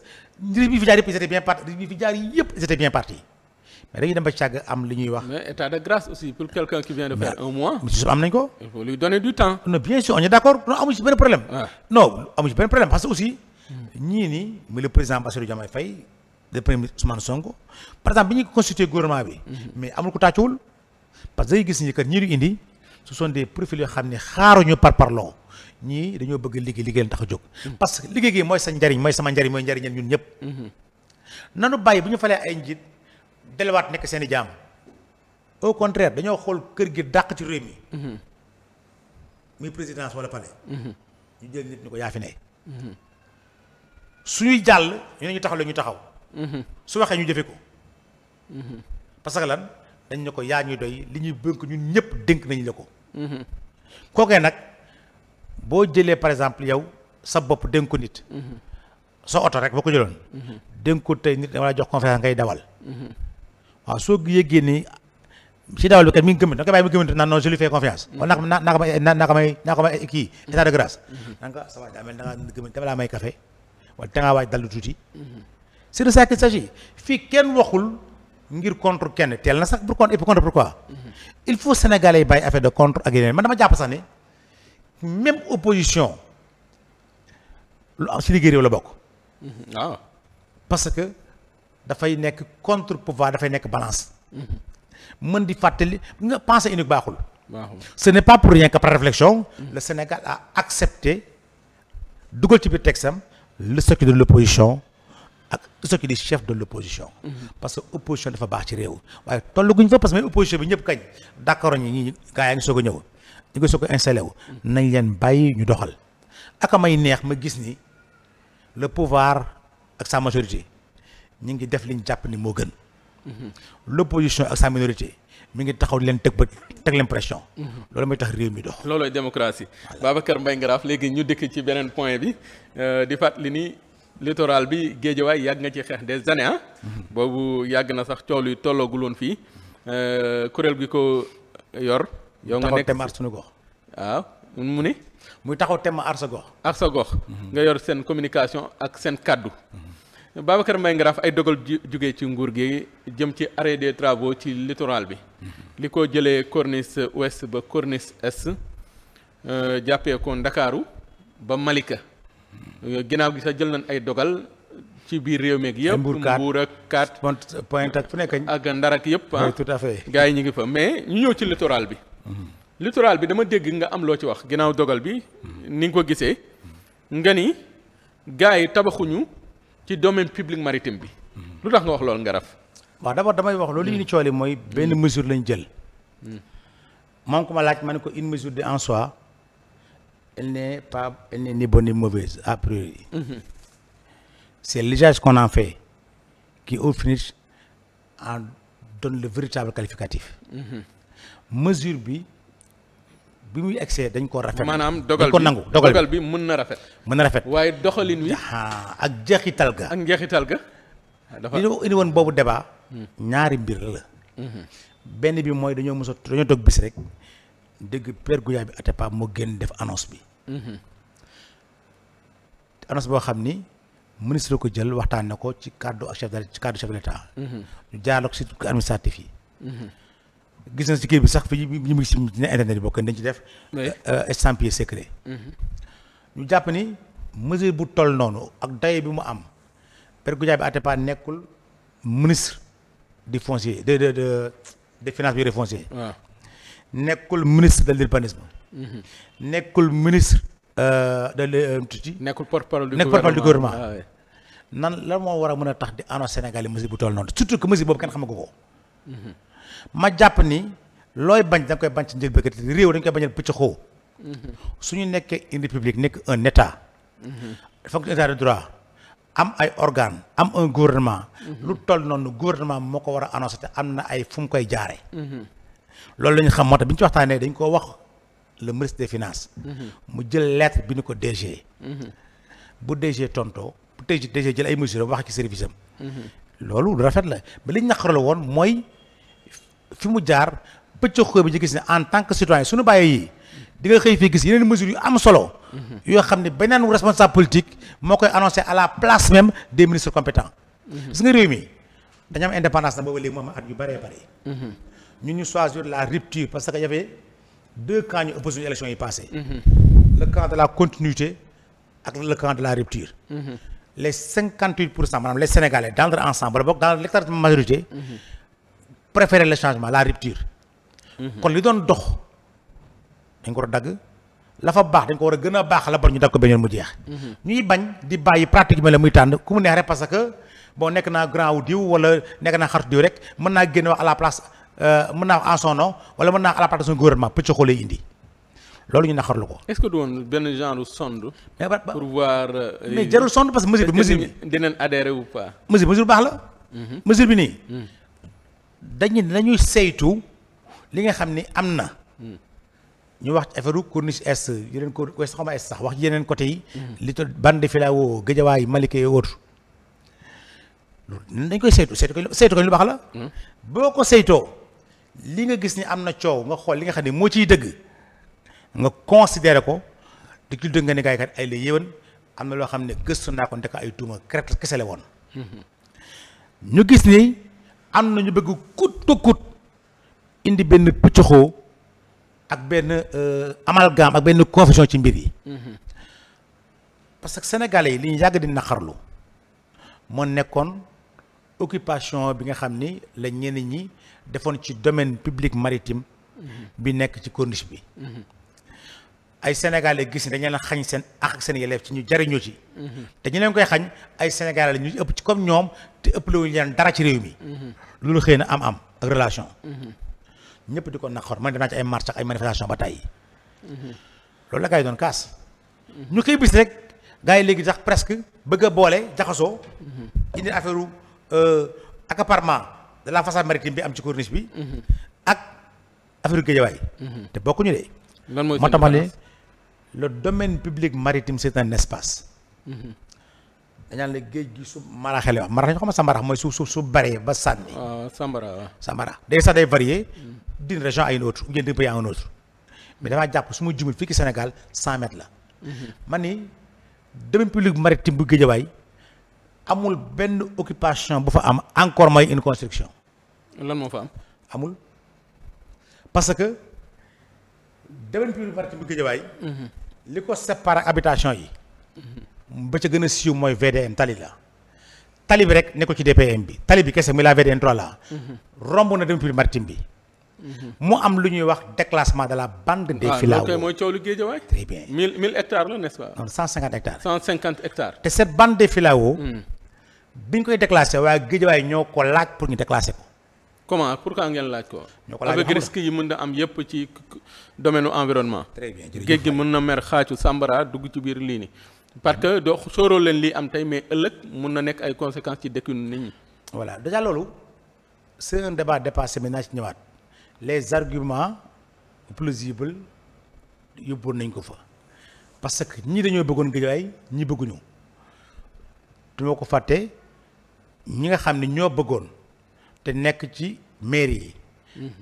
régime yi fi jaar yëpp ils étaient bien partis régime yi fi jaar yëpp ils étaient bien partis mais dañuy dem ba càgg am li ñuy wax. mais état de grâce aussi pour quelqu'un qui vient de faire un mois. mais am nañ ko. il faut lui donner du temps. non bien sûr on est d'accord non amu ci benn problème. non amu ci benn problème parce que aussi. Hmm. ñii nii muy le président Bassirou Diomaye Faye le premier ministre Ousmane Sonko par exemple bi ñu constitué gouvernement bi. Hmm. mais amul ko tàccuwul parce que day gis ni kat ñii du indi. ce sont des yoo xam ne xaaruñu par parloo ñii dañoo bëgg liggéey liggéey leen tax a jóg mm-hmm. parce que liggéey gi mooy sa njariñ mooy sama njariñ mooy njariñal ñun ñëpp mm-hmm. nanu bàyyi bu ñu falee ay njiit delluwaat nekk seen i jaam au contraire dañoo xool kër gi dàq ci réew mi mm-hmm. muy présidence wala palais ñu jël nit ñu ko yaa fi ne suñuy jàll ñu ne ñu taxaw la ñu taxaw su waxee ñu jëfe ko parce que lan dañ ne ko yaa ñu doy li ñuy bënk ñun ñëpp dénk nañu la ko. kookee nag boo jëlee par exemple yow sa bopp dénk ko nit. sa oto rek boo ko jëloon. dénk ko tey nit dama la jox confiance ngay soo yëggee ni ci mi ngi gëm da nga bàyyi mi gëm naan non je lui fais confiance. Mm-hmm. kon naa ko may naa ko may naa ko may kii état de nga waaj dal lu tuuti. Mm-hmm. c'est de ça qu'il s'agit fii kenn waxul. ngir contre kenn teel na sax pour contre et contre pourquoi. il faut sénégalais yi bàyyi affaire de contre ak yeneen man dama jàpp sax ne même opposition lu am si liggéey réew la bokk. Mm-hmm. Ah. parce que dafay nekk contre pouvoir dafay nekk balance. Mm-hmm. mën di fàttali nga pensée unique baaxul. ce n'est pas pour rien qu'après réflexion. le Sénégal a accepté dugal ci biir texam le statut de l'opposition ak ce qui chef de l' opposition. parce que opposition dafa baax ci réew. waaye tollaguñ fa parce que opposition bi ñëpp kañ d' accord ñi ñii gaa yaa ngi ñu ngi soog a installé neex ma gis ni le pouvoir ak ñu ngi def liñ jàpp ni moo gën. l' opposition ak sa minorité. mu ngi taxaw leen teg ba teg leen pression. loolu mooy tax réew mi dox. loolooy démocratie Babacar Mbaye Ngaraaf léegi ñu dëkk ci beneen point bi euh, di fàttali ni. littoral bi géejawaay yàgg nga ci xeex des années ah. boobu yàgg na sax tool yi tollagul woon fii euh, kuréel bi ko yor. yow nga nekk taxaw sunu gox. waaw mu ni. muy taxaw tem aar sa gox. aar sa gox. Mhm. nga yor seen communication ak seen kàddu. Mhm. Babacar Mbaye Ngaraaf ay dogal ju ci nguur gi jëm ci arrêt des travaux ci littoral bi. Mhm. li ko jëlee corniche ouest ba corniche est euh, jàppee ko Ndakaaru ba Malika. ginnaaw gi sax jël nañ ay dogal ci biir réew meek yëpp. mbuur ak kaat point ak fu nekk ak ndar ak yëpp. Ah. oui tout à fait gars yi ñu ngi fa mais ñu ñëw ci littoral bi. littoral bi dama dégg nga am loo ci wax ginnaaw dogal bi ni nga ko gisee nga ni gars yi tabaxuñu ci domaine public maritime bi lu tax nga wax loolu ngaraf waa d'abord damay wax loolu yi ni coole mooy benn mesure lañ jël hmm. moom ku ma laaj ma ne ko une mesure de en soi elle n'est pas, elle n'est ni bonne ni mauvaise, a mm-hmm. C'est l'usage qu'on en fait qui, au finish, en donne le véritable qualificatif. Mm-hmm. mesure bi bi muy excès dañ ko rafet. maanaam dogal bi ko nangu dogal bi mën na rafet. mën na rafet waaye doxalin wi. ak jeexital ga. ak jeexital ga. dafa li ñu indi woon boobu débat. Mm. ñaari mbir la. Mm-hmm. benn bi mooy dañoo mos a dañoo toog bis rek. dégg Pierre Goudiaby Atepa moo génn def annonce bi. Mm-hmm. annonce boo xam ni ministre ko jël waxtaan na ko ci cadre ak chef de ci cadre chef de l'État. Mm-hmm. ñu jaarale ko ci administratif yi. Mm-hmm. gis na ci kii bi sax fi ñu ngi si internet bi bokk dañ ci def. Euh, estampillé secret. ñu jàpp ni mesure bu toll noonu ak daye bi mu am Pierre Goudiaby Atepa nekkul ministre du foncier de de de de finance bi de nekkul ministre de l'urbanisme mhm. nekkul ministre euh, de l'tuti euh, nekkul porte-parole du gouvernement ah, nan la moo war a mën a tax di annoncer Sénégal yi mesure bu toll noonu surtout que mesure boobu kenn xamagu ko mhm. ma jàpp ni looy bañ da nga koy bañ ci njël bëkkat réew dañ koy bañal pëcc xoo mhm. suñu nekkee une république nekk un état dafa état de am ay organe am un gouvernement lu toll noonu gouvernement moo ko war a annoncer te am na ay fu koy jaare loolu la ñu xam moo tax bi ñu ci waxtaanee dañ koo wax le ministre finance finances. Mm-hmm. mu jël lettre bi ñu ko DG. Mm-hmm. bu DG tontoo bu DG jël ay mesures wax ci service am. Mm-hmm. loolu lu rafet la ba li ñu woon mooy fi mu jaar pëcc bi ñu gis ne en tant que citoyen suñu bàyyee yi di nga xëy fii gis yeneen mesures yu am solo. yoo xam ne beneen responsable politique moo koy annoncé à la place même des ministres compétents. gis nga réew mi dañu am indépendance na booba léegi at yu bëree ñun ñu choisir la rupture parce que y avait deux camps ñu élection yi passé mm-hmm. le camp de la continuité ak le camp de la rupture mm-hmm. les cinquante huit pour cent maanaam les sénégalais dans leur ensemble bokk dans l'écrasante majorité mm-hmm. préférer le changement la rupture kon li doon dox dañ ko a dagg la fa baax dañ ko war a gën a baax la bon ñu dagg ko beneen mu jeex ñuy bañ di bàyyi pratiquement la muy tànn ku mu neex rek parce que bon nekk naa grand wu diw nekk naa xaritu diw naa génn wax la Euh, mën naa en son nom wala mën naa à la part de son pëcc xoo indi loolu ñu naxarlu ko. est-ce que du benn genre sonde. mais ba pour euh, jarul sonde parce que mesure bi mesure bi. dinañ adhéré ou pas. mesure baax la. Mhm. mesure bi nii. Mhm. dañu dañuy saytu li nga xam ni am na. Mhm. ñu wax ci affaire corniche est yeneen corniche xaw ma sax wax ci yeneen côté yi. li to bande filao Géejawaay Malika et autres. loolu dañ koy saytu saytu ko saytu lu baax la. boo ko saytoo. li nga gis ni am na coow nga xool li nga xam ne moo ciy dëgg nga considéré ko di ci dëgg nga ne gaay kat ay la yéwén am na loo xam ne gëstu naa ko ndeka ay tuuma kret kese la woon. ñu gis ni am na ñu bëgg kut kut indi benn pëccëxoo ak benn euh, amalgame ak benn confusion ci mbir yi. parce que sénégalais yi li ñu yàgg di naqarlu moo nekkoon occupation bi nga xam ni la ñenn ñi. defoon ci domaine public maritime bi nekk ci corniche bi ay sénégalais gis ne dañu leen xañ seen ak ak seen yelleef ci ñu jariñoo ci te ñu koy xañ ay sénégalais ñu ëpp ci comme ñoom te ëpp lawuñu leen dara ci réew mi loolu xëy na am am ak relation ñëpp di ko naqar man dem naa ci ay marche ak ay manifestation ba tey loolu la gars yi doon kaas ñu koy bis rek gars yi léegi sax presque bëgg a boole jaxasoo indi affaire euh, accaparement de la façade maritime bi am ci corniche bi. ak affaire Guédiawaye. te bokkuñu de. mooy moo tax ma ne le domaine public maritime c' est un espace. Mhm. dañaan la géej gi su maraxee la wax marax ñu xam sa mooy suuf suuf su baree ba sànni. Ah, waaw sambara waaw day sax day varié. Mhm. d'une région à une autre ou bien d'un pays à un autre. jàpp su ma jumul fii ci Sénégal cent mètres la. Mhm. man ni domaine public maritime bu géjawaay amul benn occupation bu fa am encore mooy une construction. lan moo fa am. amul parce que domaine public parti bu Guédiawaye mhm. li ko séparé yi. Mhm. ba ca gën a siiw ci DPM bi tali bi kese muy la VDN 3 mhm. bi lu ñuy wax déclassement de la bande des ah, filao mooy coow lu Guédiawaye très bien te cette bande des filao mm. biñ koy déclassé waaye Guédiawaye ñoo ko laaj pour ñu déclassé ko. comment pourquoi ngeen laaj ko. ñoo ko laaj avec risque yi mën na am yépp ci domaine environnement. très bien jërëjëf géej gi mën na mer xaaju sambara dugg ci biir lii ni parce que doo sóoroo leen lii am tey mais ëllëg mun na nekk ay conséquences ci dëkk nit ñi. voilà déjà loolu c'est un débat dépassé maintenant ci ñëwaat les arguments plausibles yóbboon nañ ko fa parce que ñii dañoo bëggoon Guédiawaye ñi bëgguñu du ma ko fàtte. ñi nga xam ne ñoo bëggoon te nekk ci mairie yi.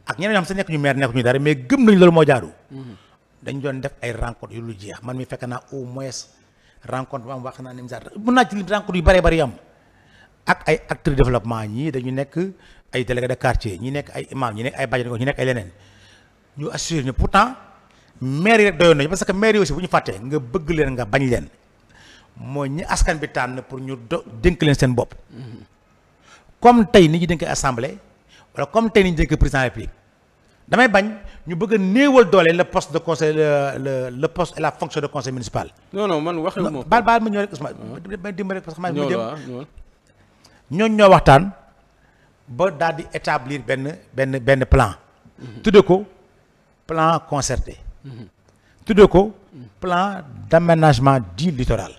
ak ñeneen ñoo xam sa nekk ñu maire nekk ñu dara mais gëm nañ loolu moo jaaru dañu doon def ay rencontre yu lu jeex man mi fekk naa au moins rencontre bu am wax naa ne mën naa ci rencontre yu bëree bëri am ak ay acteurs développement ñii dañu nekk ay délégué de quartier ñi nekk ay imam ñi nekk ay bàjjen ñi nekk ay leneen ñu assuré ñu pour temps yi rek doyoon nañu parce que maire yi bu ñu fàttee nga bëgg leen nga bañ leen mooy ñi askan bi tànn pour ñu do dénk seen bopp. comme tey ni ñu dénk assemblée wala comme tey ni ñu dénk président république damay bañ ñu bëgg a néewal doole le poste de conseil le le poste et la fonction de conseil municipal. non man waxee moom. baal baal ma ñëw rek Ousmane. Ah. ma dimbali parce que maa ngi dem ñoo waxtaan ba daal di établir benn benn benn plan. Mhm. tudde ko plan concerté. Mhm. tudde ko mhm. plan d'aménagement du littoral.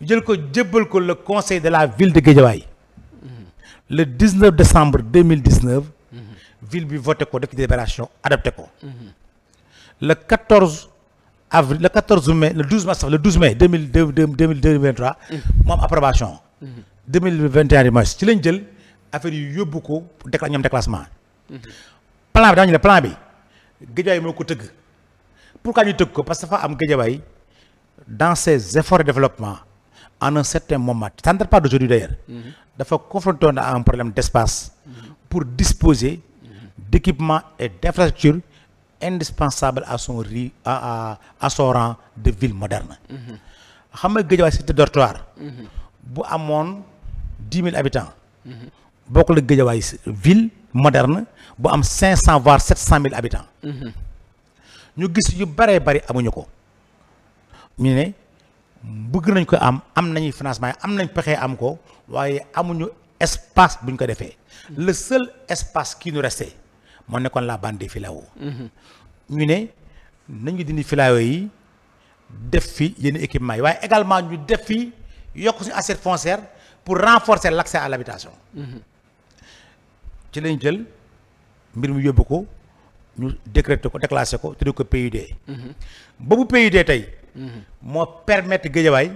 jël ko jébbal ko le conseil de la ville de Guédiawaye. le 19 décembre 2019 mhm. ville bi voté ko def ci délibération adopté ko mhm. le 14 avril le 14 mai le 12 mars le 12 mai 2002 2023 mhm. mu am approbation 2021 mars ci lañ jël affaire yu yóbbu ko décla ñoom déclassement plan bi daañu le plan bi géjawaay moo ko tëgg pourquoi ñu tëgg ko parce que fa am géjawaay dans ses efforts de développement en un certain moment ça ne date pas d'aujourd'hui mhm. dafa confronté woon à un problème d'espace mhm. pour disposer d'équipements et d'infrastructures indispensable à son ri à de ville moderne. Mhm. xam nga Guédiawaye cité bu amoon mille habitants. bokkul ak Guédiawaye ville moderne bu am cinq cent voire sept cent mille habitants. ñu gis yu bëree bëri amuñu ko. ñu bëgg nañ ko am am nañu financement yi am nañ pexe am ko waaye amuñu espace buñ ko defee le seul espace qui nous restait moo nekkoon la bande des filao mhm. ñu ne nañu dindi filao yi def fi yenn équipement yi waaye également ñu def fi yokk suñu asset foncière pour renforcer l' accès à l' mhm. ci lañ jël mbir mu yóbbu ko ñu décrété ko déclassé ko tuddee ko PUD mhm. boobu PUD tey moo permettre Guédiawaye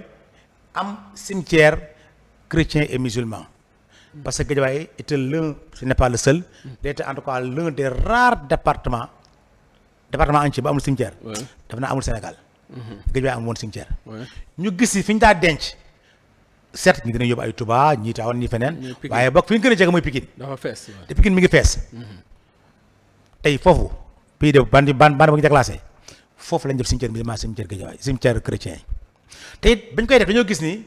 am cimetière chrétien et musulman parce que Guédiawaye était l'un ce n'est pas le seul était en tout cas l'un des rares départements département entier ba amul cimetière dafa naa amul Sénégal Guédiawaye amul woon cimetière ñu gis yi fi ñu taa denc certes ñu gën a yóbbu ay Touba ñii taawoon ñii feneen waaye bokk fi ñu gën a jege mooy Pikine te Pikine mi ngi fees mhm. tey foofu pays bandi bandi ba ngi déclassé foofu lañ def cimetière musulman cimetière Guédiawaye cimetière chrétien yi te it bañ koy def dañoo gis ni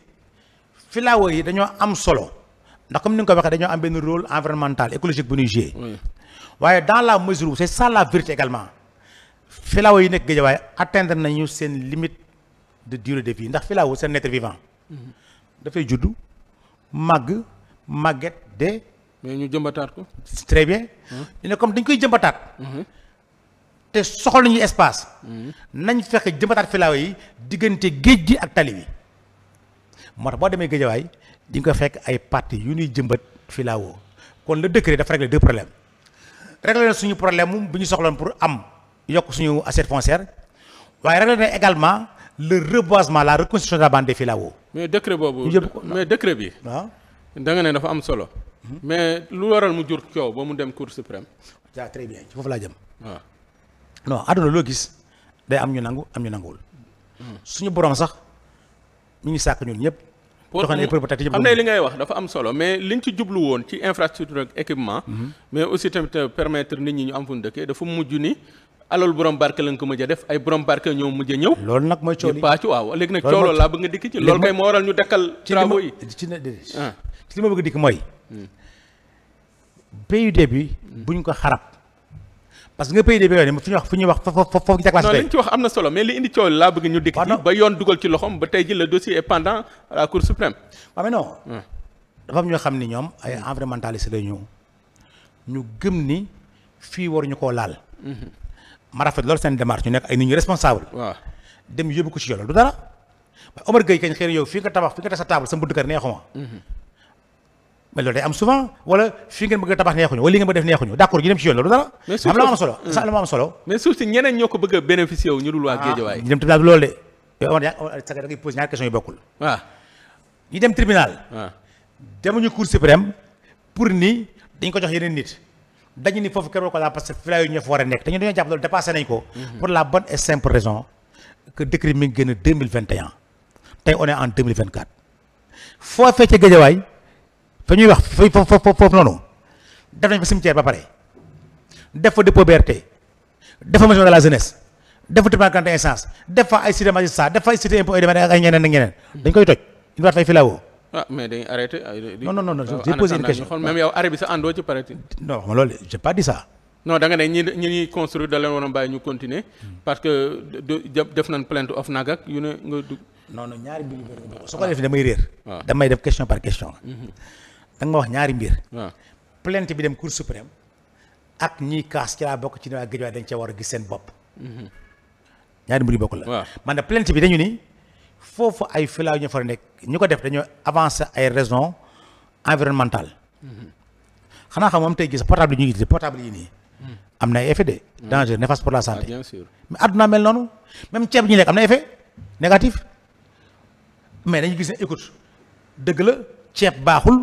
filaawo yi dañoo am solo ndax comme ni nga koy waxee dañoo am benn rôle environnemental écologique bu ñuy jouer waaye dans la mesure où c'est ça la vérité également filaawo yi nekk Guédiawaye atteindre nañu seen limite de dure de vie ndax filaawo seen un être vivant mm-hmm. dafay juddu màgg màgget de mais ñu jëmbataat ko très bien ñu ne comme dañ koy jëmbataat mm-hmm. te soxla nañu espace. nañ fexe jëmbataat filaawa yi diggante géej gi ak tali bi moo tax boo demee géejawaay di nga ko fekk ay parti yu ñuy jëmbat filaawo kon le décret dafa régler deux problèmes régler na suñu problème bu ñu soxla pour am yokk suñu assiette foncière waaye régler na également le reboisement la reconstruction de la bande des mais décret boobu mais décret bi. waaw ah. da nga ne dafa am solo. Hmm. mais lu waral mu jur coow ba mu dem cour suprême. waaw ah, très foofu laa jëm ah. non àdduna loo gis day am ñu nangu am ñu nanguwul. suñu borom sax mi ngi sàkk ñun ñëpp. xam ne li ngay wax dafa am solo mais li liñ ci jublu woon ci infrastructure ak équipement. Mhm. mais aussi tamit euh, permettre nit ñi ñu am fu ñu dëkkee dafa mujj ni. alal borom barke lañ ko mujj a def ay borom barke ñoo mujj a ñëw. lool nag mooy coow li pàcc waaw léegi nag coow loolu laa bëgg a dikk ci loolu kay moo waral ñu dekkal. travaux yi ah. ci li ma bëgg a dikk mooy. Hmm. PUD bi hmm. buñ ko xarab. parce que nga PUDB yooyu fu ñuy wax fu ñuy wax foofu jag laa si tey ci wax am na solo mais li indi coow laa bëgg ñu dikk ci ba ba tey ji le dossier est pendant à la cour suprême waaw dafa am ñoo xam ni ñoom ay environnementaliste la ñu ñu gëm ni fii waruñu koo laal mhm. ma rafet loolu seen démarche ñu nekk ay nit ñu responsable waaw dem yóbbu ko ci yoon du dara Omar Gueye kañ xëy na yow fii nga tabax fii nga teg sa table sa mbudd kër neexuma mhm. mais loolu day am souvent wala fi ngeen bëgg a tabax neexuñu wala li ngeen bëgg def neexuñu d'accord ñu dem ci yoon loolu dara. am la am solo am la am solo. mais suuf si ñeneen ñoo ko bëgg a ñu dul waa ah, Géejawaay. ñu dem tribunal loolu de yow Amady sa da ngay ah. ñu dem ah. suprême pour ni dañ ko jox yeneen nit. dañu ni foofu keroog laa parce que filaay yu ñoo fa war a nekk dañu dañoo jàpp loolu dépassé nañ ko. Mhm. pour la bonne et simple raison que décret mi ngi génn 2021 tey on est en 2024 foo fekkee Géejawaay fa wax fa foofu foofu noonu def nañ fa cimetière ba pare def fa dépôt BRT def fa maison de la jeunesse def fa département de instance def fa ay cité magistrat def fa ay cité impôt ay ñeneen ñeneen dañ koy toj ñu waat fay filawoo. ah mais dañuy arrêté. non non non ah, j'ai posé ne ñi ñi ñuy construire da leen ñu continuer parce que def nañ plainte of nag ak yu ne nga dugg. non non ñaari mbir yu bëri su ah. damay def question par question. Mm-hmm. da ma wax ñaari mbir. Ah. plainte bi dem cour suprême ak ñiy kaas ci laa bokk ci ne waa géej waaye dañ cee war a gis seen bopp. Mhm. ñaari mbir yu bokk la. waaw man de plainte bi dañu ni foofu ay filaaw ñu fa nekk ñu ko def dañoo avancer ay raisons environnementales. Mhm. xanaa xam moom tey gis portable yi ñu ngi portable yi mhm. am na ay effet de danger néfaste pour la santé. Ah, bien sûr mel noonu même ceeb bi am na effet négatif mais dañu gis écoute dëgg ceeb baaxul.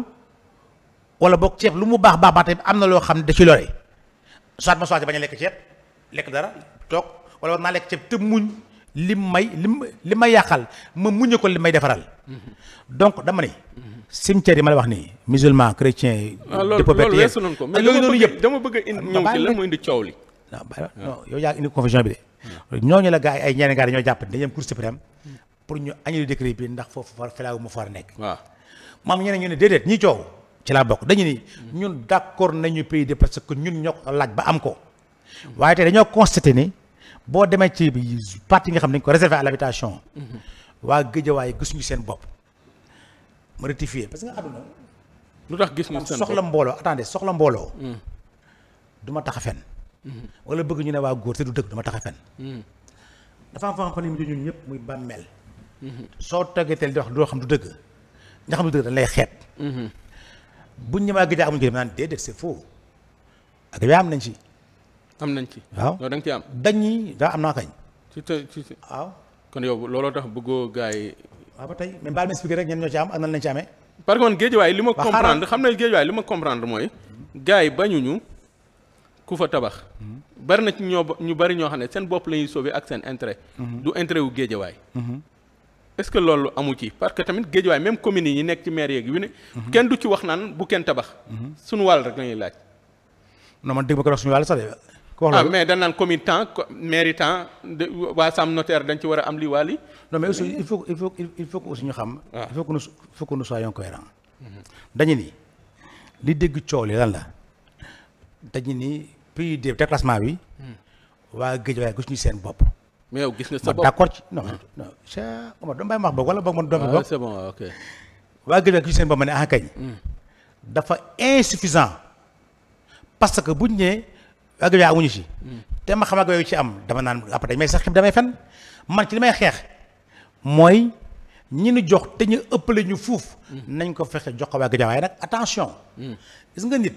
wala boog ceeb lu mu baax baax baax tamit am na loo xam ne da ci lore soit ma soit bañ a lekk ceeb lekk dara toog wala war naa lekk ceeb te muñ li may lim li ma yàqal ma muñe ko li may defaral donc dama ni cimetière yi ma la wax nii musulman chrétien ah, dëpp bett yooyu noonu yëpp dama bëgg a indi ah, lan mu indi coow li non ba yow yaa indi confession bi de ñooñu la gars yi ay ñeneen gars yi ñoo jàpp dañu dem cour suprême pour ñu annulé décret bi ndax foofu fa felaawu mu fa a nekk waaw maam ñeneen ñu ne déedéet ñi coow ci laa bokk dañu ni ñun d'accord nañu PID parce que ñun ñoo ko laaj ba am ko waaye tey dañoo constaté ni boo demee ci partie yi nga xam ne dañ ko réservé à l'habitation waa waaye gisuñu seen bopp ma rectifier parce que àdduna lu tax gis nga seen bopp soxla mbooloo attendez soxla mbooloo hmm. du ma tax a fen hmm. wala bëgg ñu ne waa góor te du dëgg du ma tax a fen hmm. dafa am fa xam ne ñun ñëpp muy bàmmeel soo toggee teel di wax loo xam du dëgg nga xam du lay xeet buñ ñëwaat Guédiawaye amuñu ko naan déedéet c'est faux ak yaa am nañ ci. am nañ ci. waaw loolu da ci am. dañuy daa am naa kañ. ci te ci waaw. kon yow looloo tax bëggoo gars yi. ba tey mais baal ma expliqué rek ñen ñoo ci am ak na lañ ci amee. parce que man Guédiawaye li ma comprendre xam na Guédiawaye li ma comprendre mooy. gars yi bañuñu ku fa tabax. Mhm. bari na ci ñoo ñu bari ñoo xam ne seen bopp la ñuy sauver ak seen intérêt. Mhm. du intérêt wu Guédiawaye. Mhm. est-ce que loolu amu ci parce que tamit géejuwaay même communes yi nekk ci maire yeeg yu ne. kenn du ci wax naan bu kenn tabax. suñu wàll rek la ñuy laaj. non man dégg ma ko wax suñu wàll sax ah, mais dañ naan commune temps mairie temps waa sam notaire dañ ci war a am lii waa lii. non mais ñu xam. waaw ah. il faut que nous il faut que nous dañu ni li dégg coow li lan la dañu ni PUD déclassement bi. Hmm. waa géejuwaay gis ñu seen bopp. mais yow gis nga sa bopp d' accord ci non non ma wax boog wala boog man doomi ah, boog c'est bon ok waa gis seen bopp ma ne ah hmm. dafa insuffisant parce que bu ñëwee waa gis amuñu si hmm. te ma xam ak yooyu ci am dama naan après mais sax xib damay fen man ci li may xeex mooy ñi ñu jox te ñu ëppale ñu fuuf hmm. nañ ko fexe jox ko waa gis waaye nag attention gis nga nit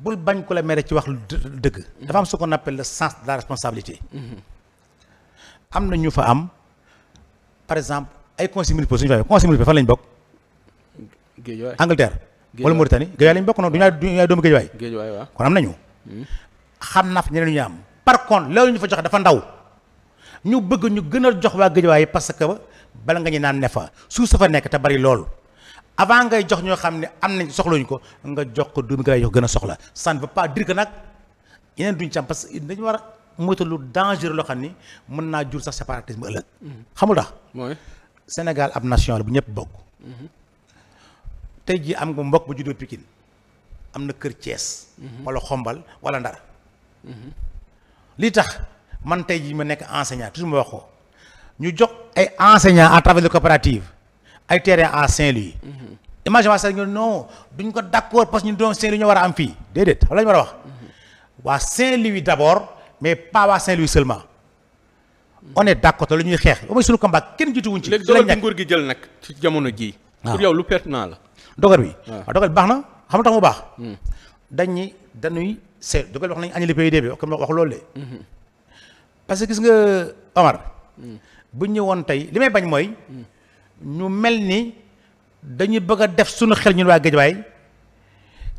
bul bañ ko la mere ci wax lu dëgg dafa am ce qu'on appelle le sens de responsabilité am na ñu fa am par exemple ay conseil municipal suñu fa conseil municipal fan lañ bokk. Géejawaay Angleterre. wala Mauritanie Géejawaay lañ bokk noonu du ñu du ñu doomu Géejawaay. Géejawaay waaw kon am nañu. Hmm. xam naa fa ñeneen ñu am. par contre ñu fa joxe dafa ndaw ñu bëgg ñu gën a jox waa Géejawaay parce que bala nga ñu naan ne fa su sa fa nekk te bari lool. avant ngay jox ñoo xam ne am nañ soxlawuñ ko nga jox ko doomu Géejawaay yoo gën a soxla ça ne dire que nag yeneen duñ ci am parce war a moytu lu dangereux loo ni mën naa jur sax séparatisme ëllëg. xamul Sénégal ab nation la bu ñëpp bokk. Mhm. tey jii am nga mbokk bu juddoo Pikine am na kër Thiès. Mhm. wala xombal wala ndar. Mhm. li tax man tey ji ma nekk enseignant toujours ma wax ko ñu jox ay enseignants à travers les coopératives ay terrain à Saint-Louis. image waa Saint-Louis non duñ ko d' accord ñu doon Saint-Louis ñu war a am fii déedéet xam la ñu war a wax. waa Saint-Louis d' mais pas waa Saint-Louis seulement on est d'accord ñuy xeex ba mooy suñu combat kenn jiitu ci. léegi dogal bi nguur gi jël nag ci jamono ah. yow lu pertinent la. dogal bi waaw ah. ah, dogal bi baax na xam tax mu baax. Hmm. dañ dañuy dañuy seet dogal wax nañu annulé PID bi comme wax loolu de. Hmm. parce que gis nga Omar. Hmm. bu ñu ñëwoon tey li may bañ mooy. ñu mel ni dañuy bëgg a def suñu xel ñun waa Géejawaay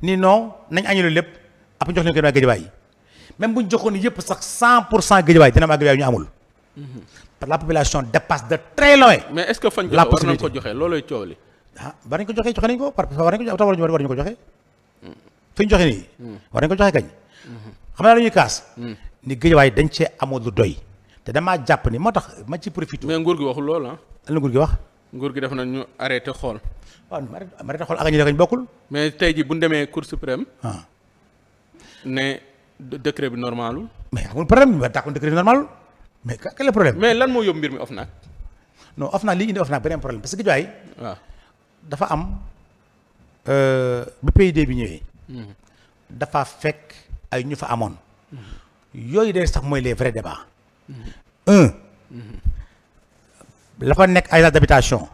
ni noo nañ annulé lépp ab jox leen ko waa yi même bu ñu joxoon yëpp sax 100 pour cent Guédiawaye dina am ak mhm. la population dépasse de très loin. ko war nañ ko joxe loolooy coow li. ah joxe joxe nañ ko parce que war nañ ko joxe war nañ ko ñu joxe nii. Mhm. war nañ ko joxe kañ. Mhm. xam naa lu kaas. ni Guédiawaye dañ cee amul du doy. te damaa jàpp ni moo tax ma ci profité. mais nguur gi waxul loolu ah. lan la nguur gi wax. nguur gi def na ñu arrêté xool. waaw arrêté xool ak ñu bokkul. mais tey ji bu ñu demee cour suprême. Ah. ne. décret bi normalul mais amul problème ba taxul décret bi normalul mais quel est le problème. mais lan moo yóbbu mbir mi OFNAC. non OFNAC li ñu indi OFNAC beneen problème parce que Guédiawaye. waaw dafa am euh, ba PID bi ñëwee. Mhm. dafa fekk ay ñu fa amoon. yooyu de sax mooy les vrais débats. Mhm. un. Mhm. nekk ay habitation.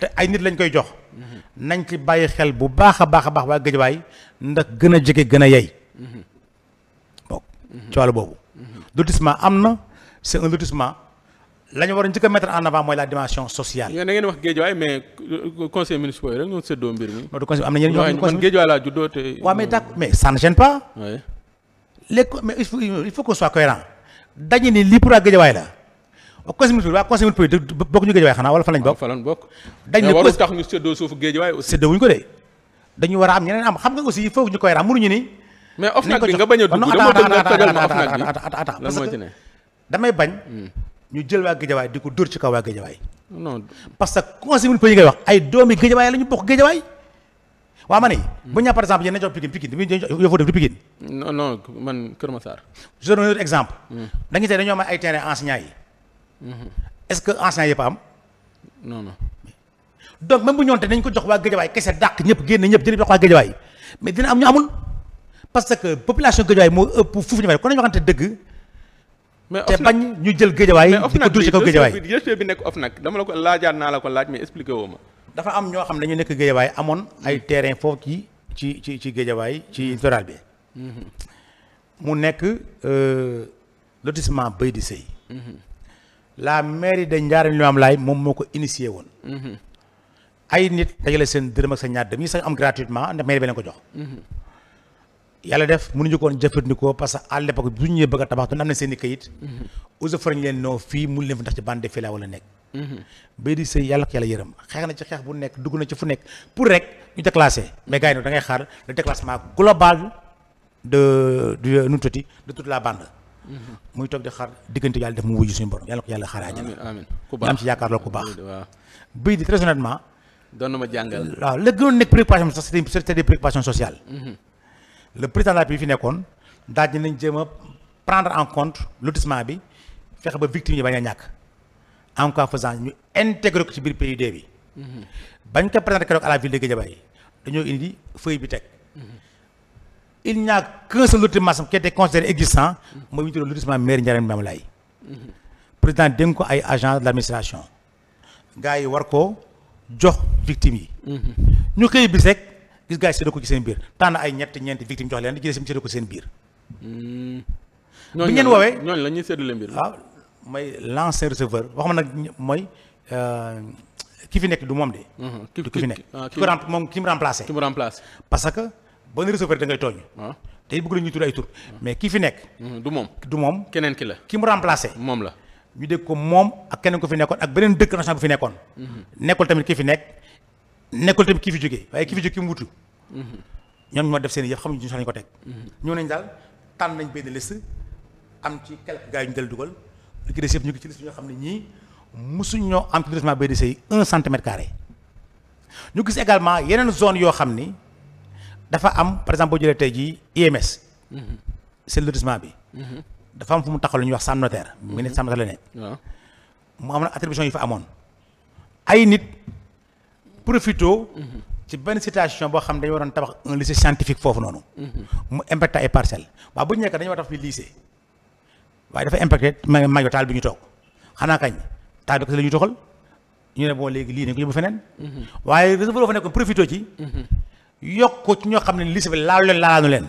te ay nit lañ koy jox. nañ ci bàyyi xel bu baax a baax a baax waa Guédiawaye ndax gën a jege gën a yey. bon ci wàllu boobu. lotissement am na c' est un lotissement la ñu war a njëkk a mettre en avant mooy la dimension sociale. yéen da ngeen wax géejawaay mais euh, conseil municipal yi rek ñoo séddoo mbir mi. non du conseil am na ñeneen ñoo xam ne conseil géejawaay laa juddoo te. waaw mais d' accord mais ça ne gêne pas. oui les mais il faut il faut qu' on soit cohérent dañu ni lii pour waa géejawaay la. waaw conseil municipal waa conseil municipal bokk ñu géejawaay xanaa wala fan lañ bokk. Ah, fan lañ bokk dañ ne warul tax ñu séddoo suufu géejawaay aussi. séddoo wuñ ko de dañu war a am ñeneen am xam nga aussi il faut ñu cohérent mënuñu ni mais OFNAC bi nga bañ a dugg dama bëgg nga tegal ma damay bañ hmm. ñu jël waa géejawaay di ko dóor ci kaw waa géejawaay non parce que conseil municipal yi ngay wax ay doomi géejawaay la ñu bokk géejawaay waa ma ne hmm. bu ñaa par exemple yéen na jox Pikine Pikine yow foo def du Pikine non man Kër Massar je donne un exemple da ngi tey dañoo am ay terrain enseignants yi hmm. est-ce que enseignants yëpp am non non donc même bu ñoonte nañ ko jox waa géejawaay kese dàq ñëpp génn ñëpp jël jox waa géejawaay mais dina am ñu amul parce que population Guédiawaye moo ëpp fuufu ñu may kon nañu waxante dëgg. mais te bañ ñu jël Guédiawaye. di ko dulce ko Guédiawaye mais bi nekk OFNAC dama la ko laajaat naa la ko laaj mais woo dafa am ñoo xam ne ñu nekk Guédiawaye amoon ay terrain foofu ci ci ci ci Guédiawaye ci mm-hmm. littoral bi. Mm-hmm. mu nekk euh, lotissement Béy di Sey. la mairie de am laay moom moo ko initié woon. Mm-hmm. ay nit dajale seen dërëm ak sa ñaar dërëm yi sax am gratuitement ndax mairie bi leen ko jox. yàlla def mënuñu koon jëfandikoo parce que à l'époque bu ñu ñëwee bëgg a tabax doon am na seen i kayit ausa mhm. farañ leen noo fii mun leen fi ndax ci bande de fila wala nekk mhm. bay di sëy yàlla ko yàlla yërëm xeex na ci xeex bu nekk dugg na ci fu nekk pour rek ñu déclassé mais gars yi nag da ngay xaar le global de nu tuuti de toute la bande mhm. muy toog di xaar diggante yàlla def mu wuyu suñu borom yàlla ko yàlla xaar àjjana amiin baax na ma jàngal waaw la gënoon nekk le président de la République bi fi nekkoon daaj nañ jéem a prendre en compte lotissement bi fexe ba victime yi bañ a ñàkk en quoi faisant ñu intégré ko ci biir PUD bi. Mhm. bañ ko présenté keroog à la ville de Guédiawaye dañoo indi feuille bi teg. Mhm. il n'y a qu'un seul lotissement qui était considéré existant mooy ñu tuddee lotissement maire Ndiarème Limamoulaye. Mhm. président dénk ko ay agents de l'administration. gars war ko jox victimes yi. ñu xëy bis rek. gis gaa yi séddoo ko ci seen biir tànn ay ñett ñeenti victime jox leen di jëlee si séddoo ko seen biir. Hmm. ñooñu la ñooñu la ñuy séddale mbir waaw mooy l'ancien receveur wax ma nag mooy euh, ki fi nekk du moom de. Hmm, hmm. du ki fi nekk ah, ki ko moom ki mu remplacé. ki mu que boo nee receveur da ah. tey bëgg la ñuy tudd ay tur ah. mais ki fi nekk. du moom du moom. keneen ki la ki mu remplacé. moom la ñu dégg ko moom ak keneen ko fi nekkoon ak beneen dëkk national bu fi nekkoon. nekkul tamit ki fi nekk. nekkul tamit kii fi jógee waaye kii fi jógee ki mu wutu ñoom ñoo def seen yëf xamuñu ñu sax lañ ko teg ñëw nañ daal tànn nañ benn liste am ci quelques gars yu ñu dal dugal li ki des yëpp ñu ngi ci liste ñoo xam ne ñii mosuñoo am ci redressement BDC yi un centimètre carré ñu gis également yeneen zone yoo xam ni dafa am par exemple boo jëlee tey jii IMS c'est le redressement bi dafa am fu mu taxal lu ñuy wax sam notaire mu ngi nekk sam notaire la ne mu am na attribution yi fa amoon ay nit profito ci benn situation boo xam dañu waroon tabax un lycée scientifique foofu noonu. mu impacté ay parcelles waaw bu ñu nekk a tax fi lycée waaye dafa impacté ma majo taal bi ñu toog xanaa kañ taal bi kese la ñuy toxal ñu ne boo léegi lii ne nañ ko yóbbu feneen. waaye réservoir fa nekkoon profito ci. yokk ko ci ñoo xam ne lycée bi laal leen laalaanu leen.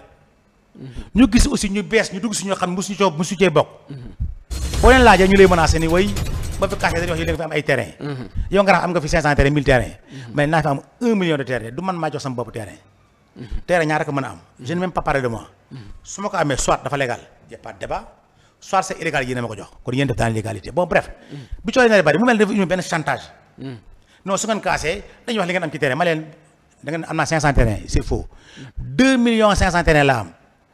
ñu gis aussi ñu bees ñu dugg si ñoo xam ne mosuñu coo mosuñu cee bokk. boo leen laajee ñu lay menacé ba fi casse dañuy wax léegi fi am ay terrain mhm. yow nga am nga fi 500 terrain 1000 terrain mhm. mais naa fi am 1 million de terrain du man maa jox sama bopp terrain mhm. terrain ñaar rek mën am je ne de moi su ko amee soit dafa légal y a pas de débat soit c'est illégal yéen a ma ko jox kon yéen def dans bon bref bi coolee na bari mu mel ne dafa indi benn chantage non su ngeen cassé dañuy wax li ngeen am ci terrain ma leen am naa 500 terrain c'est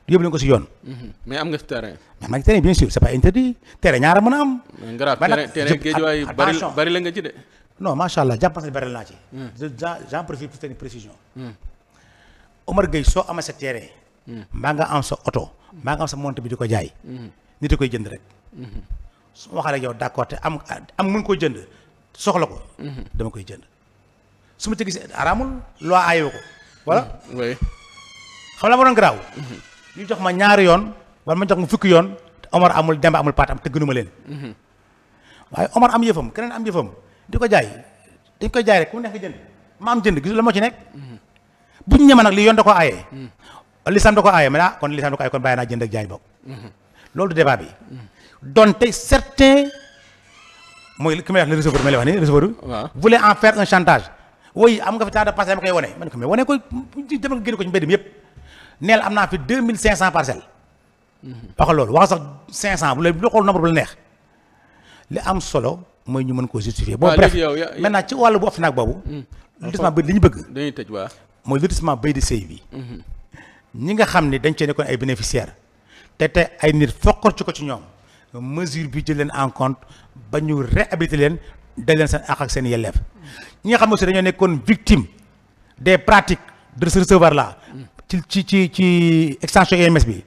yóbbu leen ko si yoon. Mhm. mais am nga si terrain. mais maa ngi terrain bien sûr c' est pas interdit terrain ñaara mën a am. ma nag terrain géejuwaay bari bari la nga ci de. non macha allah jàpp na bari naa ci. Hmm. j'en profite pour hmm. soo amee sa terrain. Hmm. mbaa am sa oto. mbaa am sa monte bi di ko jaay. nit a koy jënd rek. su ma a ak yow d' te am am koo jënd soxla ko. dama koy jënd su ma ci gisee araamul loo aayoo ko. voilà oui. xam la ma doon garaaw. ñu jox ma ñaari yoon wala ma jox ma fukki yoon te Omar amul Demba amul Paate am te gënuma leen. Mhm. waaye Omar am yëfam keneen am yëfam di ko jaay dañ koy jaay rek ku mu neex nga ma am jënd gisul la moo ci mhm. bu ñu li yoon da ko aaye. Mhm. lislaam da ko aaye mais ah kon lislaam da ko aaye kon bàyyi naa jënd ak jaay bokk. loolu du débat bi. donte certains mooy ki may wax ne receveur bi may la wax nii en faire un chantage. oui am nga fi tas de passé koy wane man ko neel am naa fi deux mille cinq cent parcelles. waxal loolu waxal sax cinq cent bu la bu xool nombre bu la neex li am solo mooy ñu mën koo justifier. bon bref maintenant ci wàllu bu of nag boobu. Hmm. lotissement bëy li ñu bëgg. dañuy tëj waa mooy lotissement bëy di sëy bi. ñi nga xam ne dañ cee nekkoon ay bénéficiaires te te ay nit fokkor ci ko ci ñoom mesure bi jël leen en compte ba ñu réhabilité leen dal leen seen àq ak seen yelleef ñi nga xam ne aussi dañoo nekkoon victime des pratiques de recevoir là. Hmm. ci ci ci ci extension EMS bi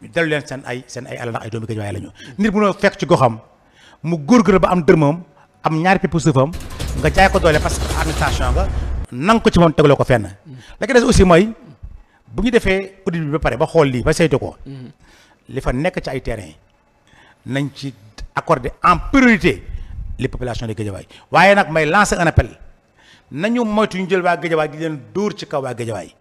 dellu leen seen ay seen ay alal ay doomi géej waaye la ñu nit bu noo fekk ci goxam mu góorgóorlu ba am dërmam am ñaari pépp suufam nga jaay ko doole parce que administration nga nang ko ci moom tegloo ko fenn la ko des aussi moy bu ñu defee audit bi ba pare ba xool lii ba saytu ko li fa nekk ci ay terrain nañ ci accorder en priorité les populations de Guédiawaye waaye nag may lancer un appel nañu moytu ñu jël waa Guédiawaye di leen dóor ci kaw waa Guédiawaye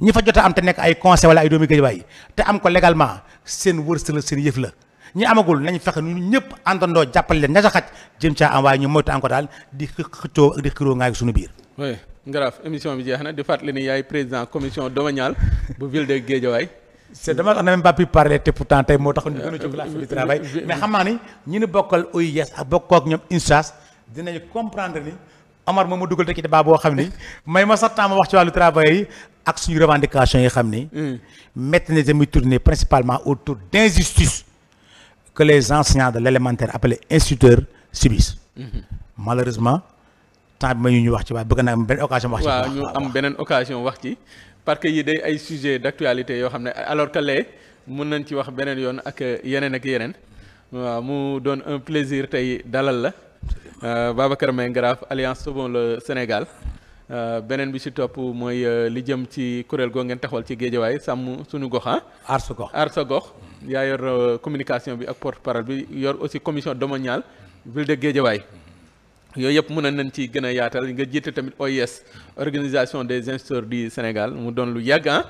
ñi fa jot a am te nekk ay conseil wala ay doomi Géejawaay te am ko légalement seen wërsëg la seen yëf la ñi amagul nañ fexe nu ñëpp àndandoo jàppale leen ña sa xaj jëm caa am waaye ñu moytu ko daal di xëccoo ak di xiroo ngaa suñu biir. nga Ngaraaf émission bi jeex na di fàttali ni yaay président commission domaniale bu ville de Guédiawaye. c' est dommage on n'a même pas parler te pourtant moo tax ñu gën a jóg la fi euh, du travail euh, euh, mais xam naa ni ñu ni bokkal OIS ak bokkoo ak ñoom INSAS dinañu comprendre ni. Omar moom ma dugal te ci débat boo xam ni may ma sax temps ma wax ci wàllu travail yi ak suñu revendication yi xam ni. métti hmm. na tamit tourner principalement autour d' injustice que les enseignants de l' élémentaire appelés instituteurs subissent. Hmm. malheureusement temps bi ma ñu wax ci waaye bëgg naa am benn occasion. wax ci am beneen occasion wax ci parce que yi day ay sujet d' actualité yoo xam ne alors que lee mun nañ ci wax beneen yoon ak yeneen ak yeneen waaw mu doon un plaisir tey dalal la. Euh, Babacar Mbaye Ngaraaf Alliance Sauvons le Sénégal euh, beneen bi ci topp mooy euh, li jëm ci kuréel goo ngeen taxawal ci géejawaay sàmm suñu gox ah. aar sa gox aar sa gox. yaa yor communication bi ak porte parole bi yor aussi commission domaniale ville de géejawaay. yooyu yëpp mën nañ ci gën a yaatal nga jiite tamit OIS organisation des instituteurs du Sénégal mu doon lu yàgg ah.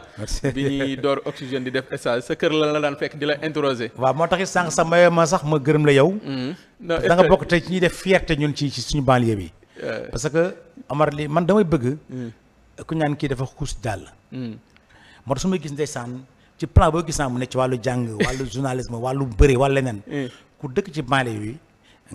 bi ñuy door oxygène di def stage sa kër la la daan fekk di la interroger. waa moo tax sànq sa mayoo ma sax ma gërëm la yow. Mm-hmm. da nga bokk ci ñuy def fierté ñun ci ci suñu banlieue bi. Euh. parce que Amar li man damay bëgg. Mm. ku ñaan kii dafa xuus dàll. Mm. moo tax su ma gis ndeysaan ci plan boo gis naa mu ne ci wàllu jàng wàllu journalisme wàllu bëri wàllu leneen. Mm. ku dëkk ci bale bi.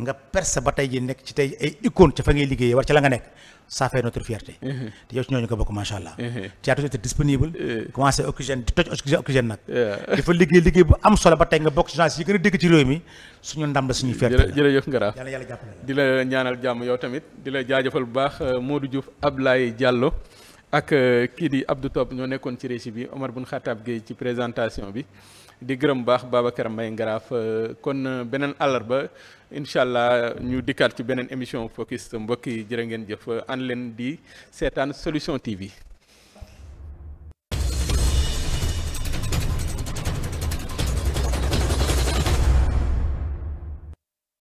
nga perse ba tey ji nekk ci tey ay icône ca fa ngay liggéeyee war ci la nga nekk ça fait notre fierté mm-hmm. te yow ci ñooñu nga bokk macha allah tu as toujours été disponible eh. commencé oxygène di toj oxygène nag eh. dafa liggéey liggéey bu am solo ba tey nga bokk ci journaliste yi gën a dégg ci réew mi suñu ndam la suñu fierté jërëjëf Ngara yàlla yàlla di la ñaanal jàmm yow tamit di la jaajafal bu baax moo euh, Modou Diouf Ablaye Diallo ak euh, kii di Abdou Top ñoo nekkoon ci régie bi Omar Bun Khattab Gueye ci présentation bi di gërëm baax Babacar Mbaye Ngaraaf euh, kon beneen àllarba incha allah ñu dikkaat ci beneen émission focus mbokk yi jërë ngeen jëf ànd leen di seetaan solution TV.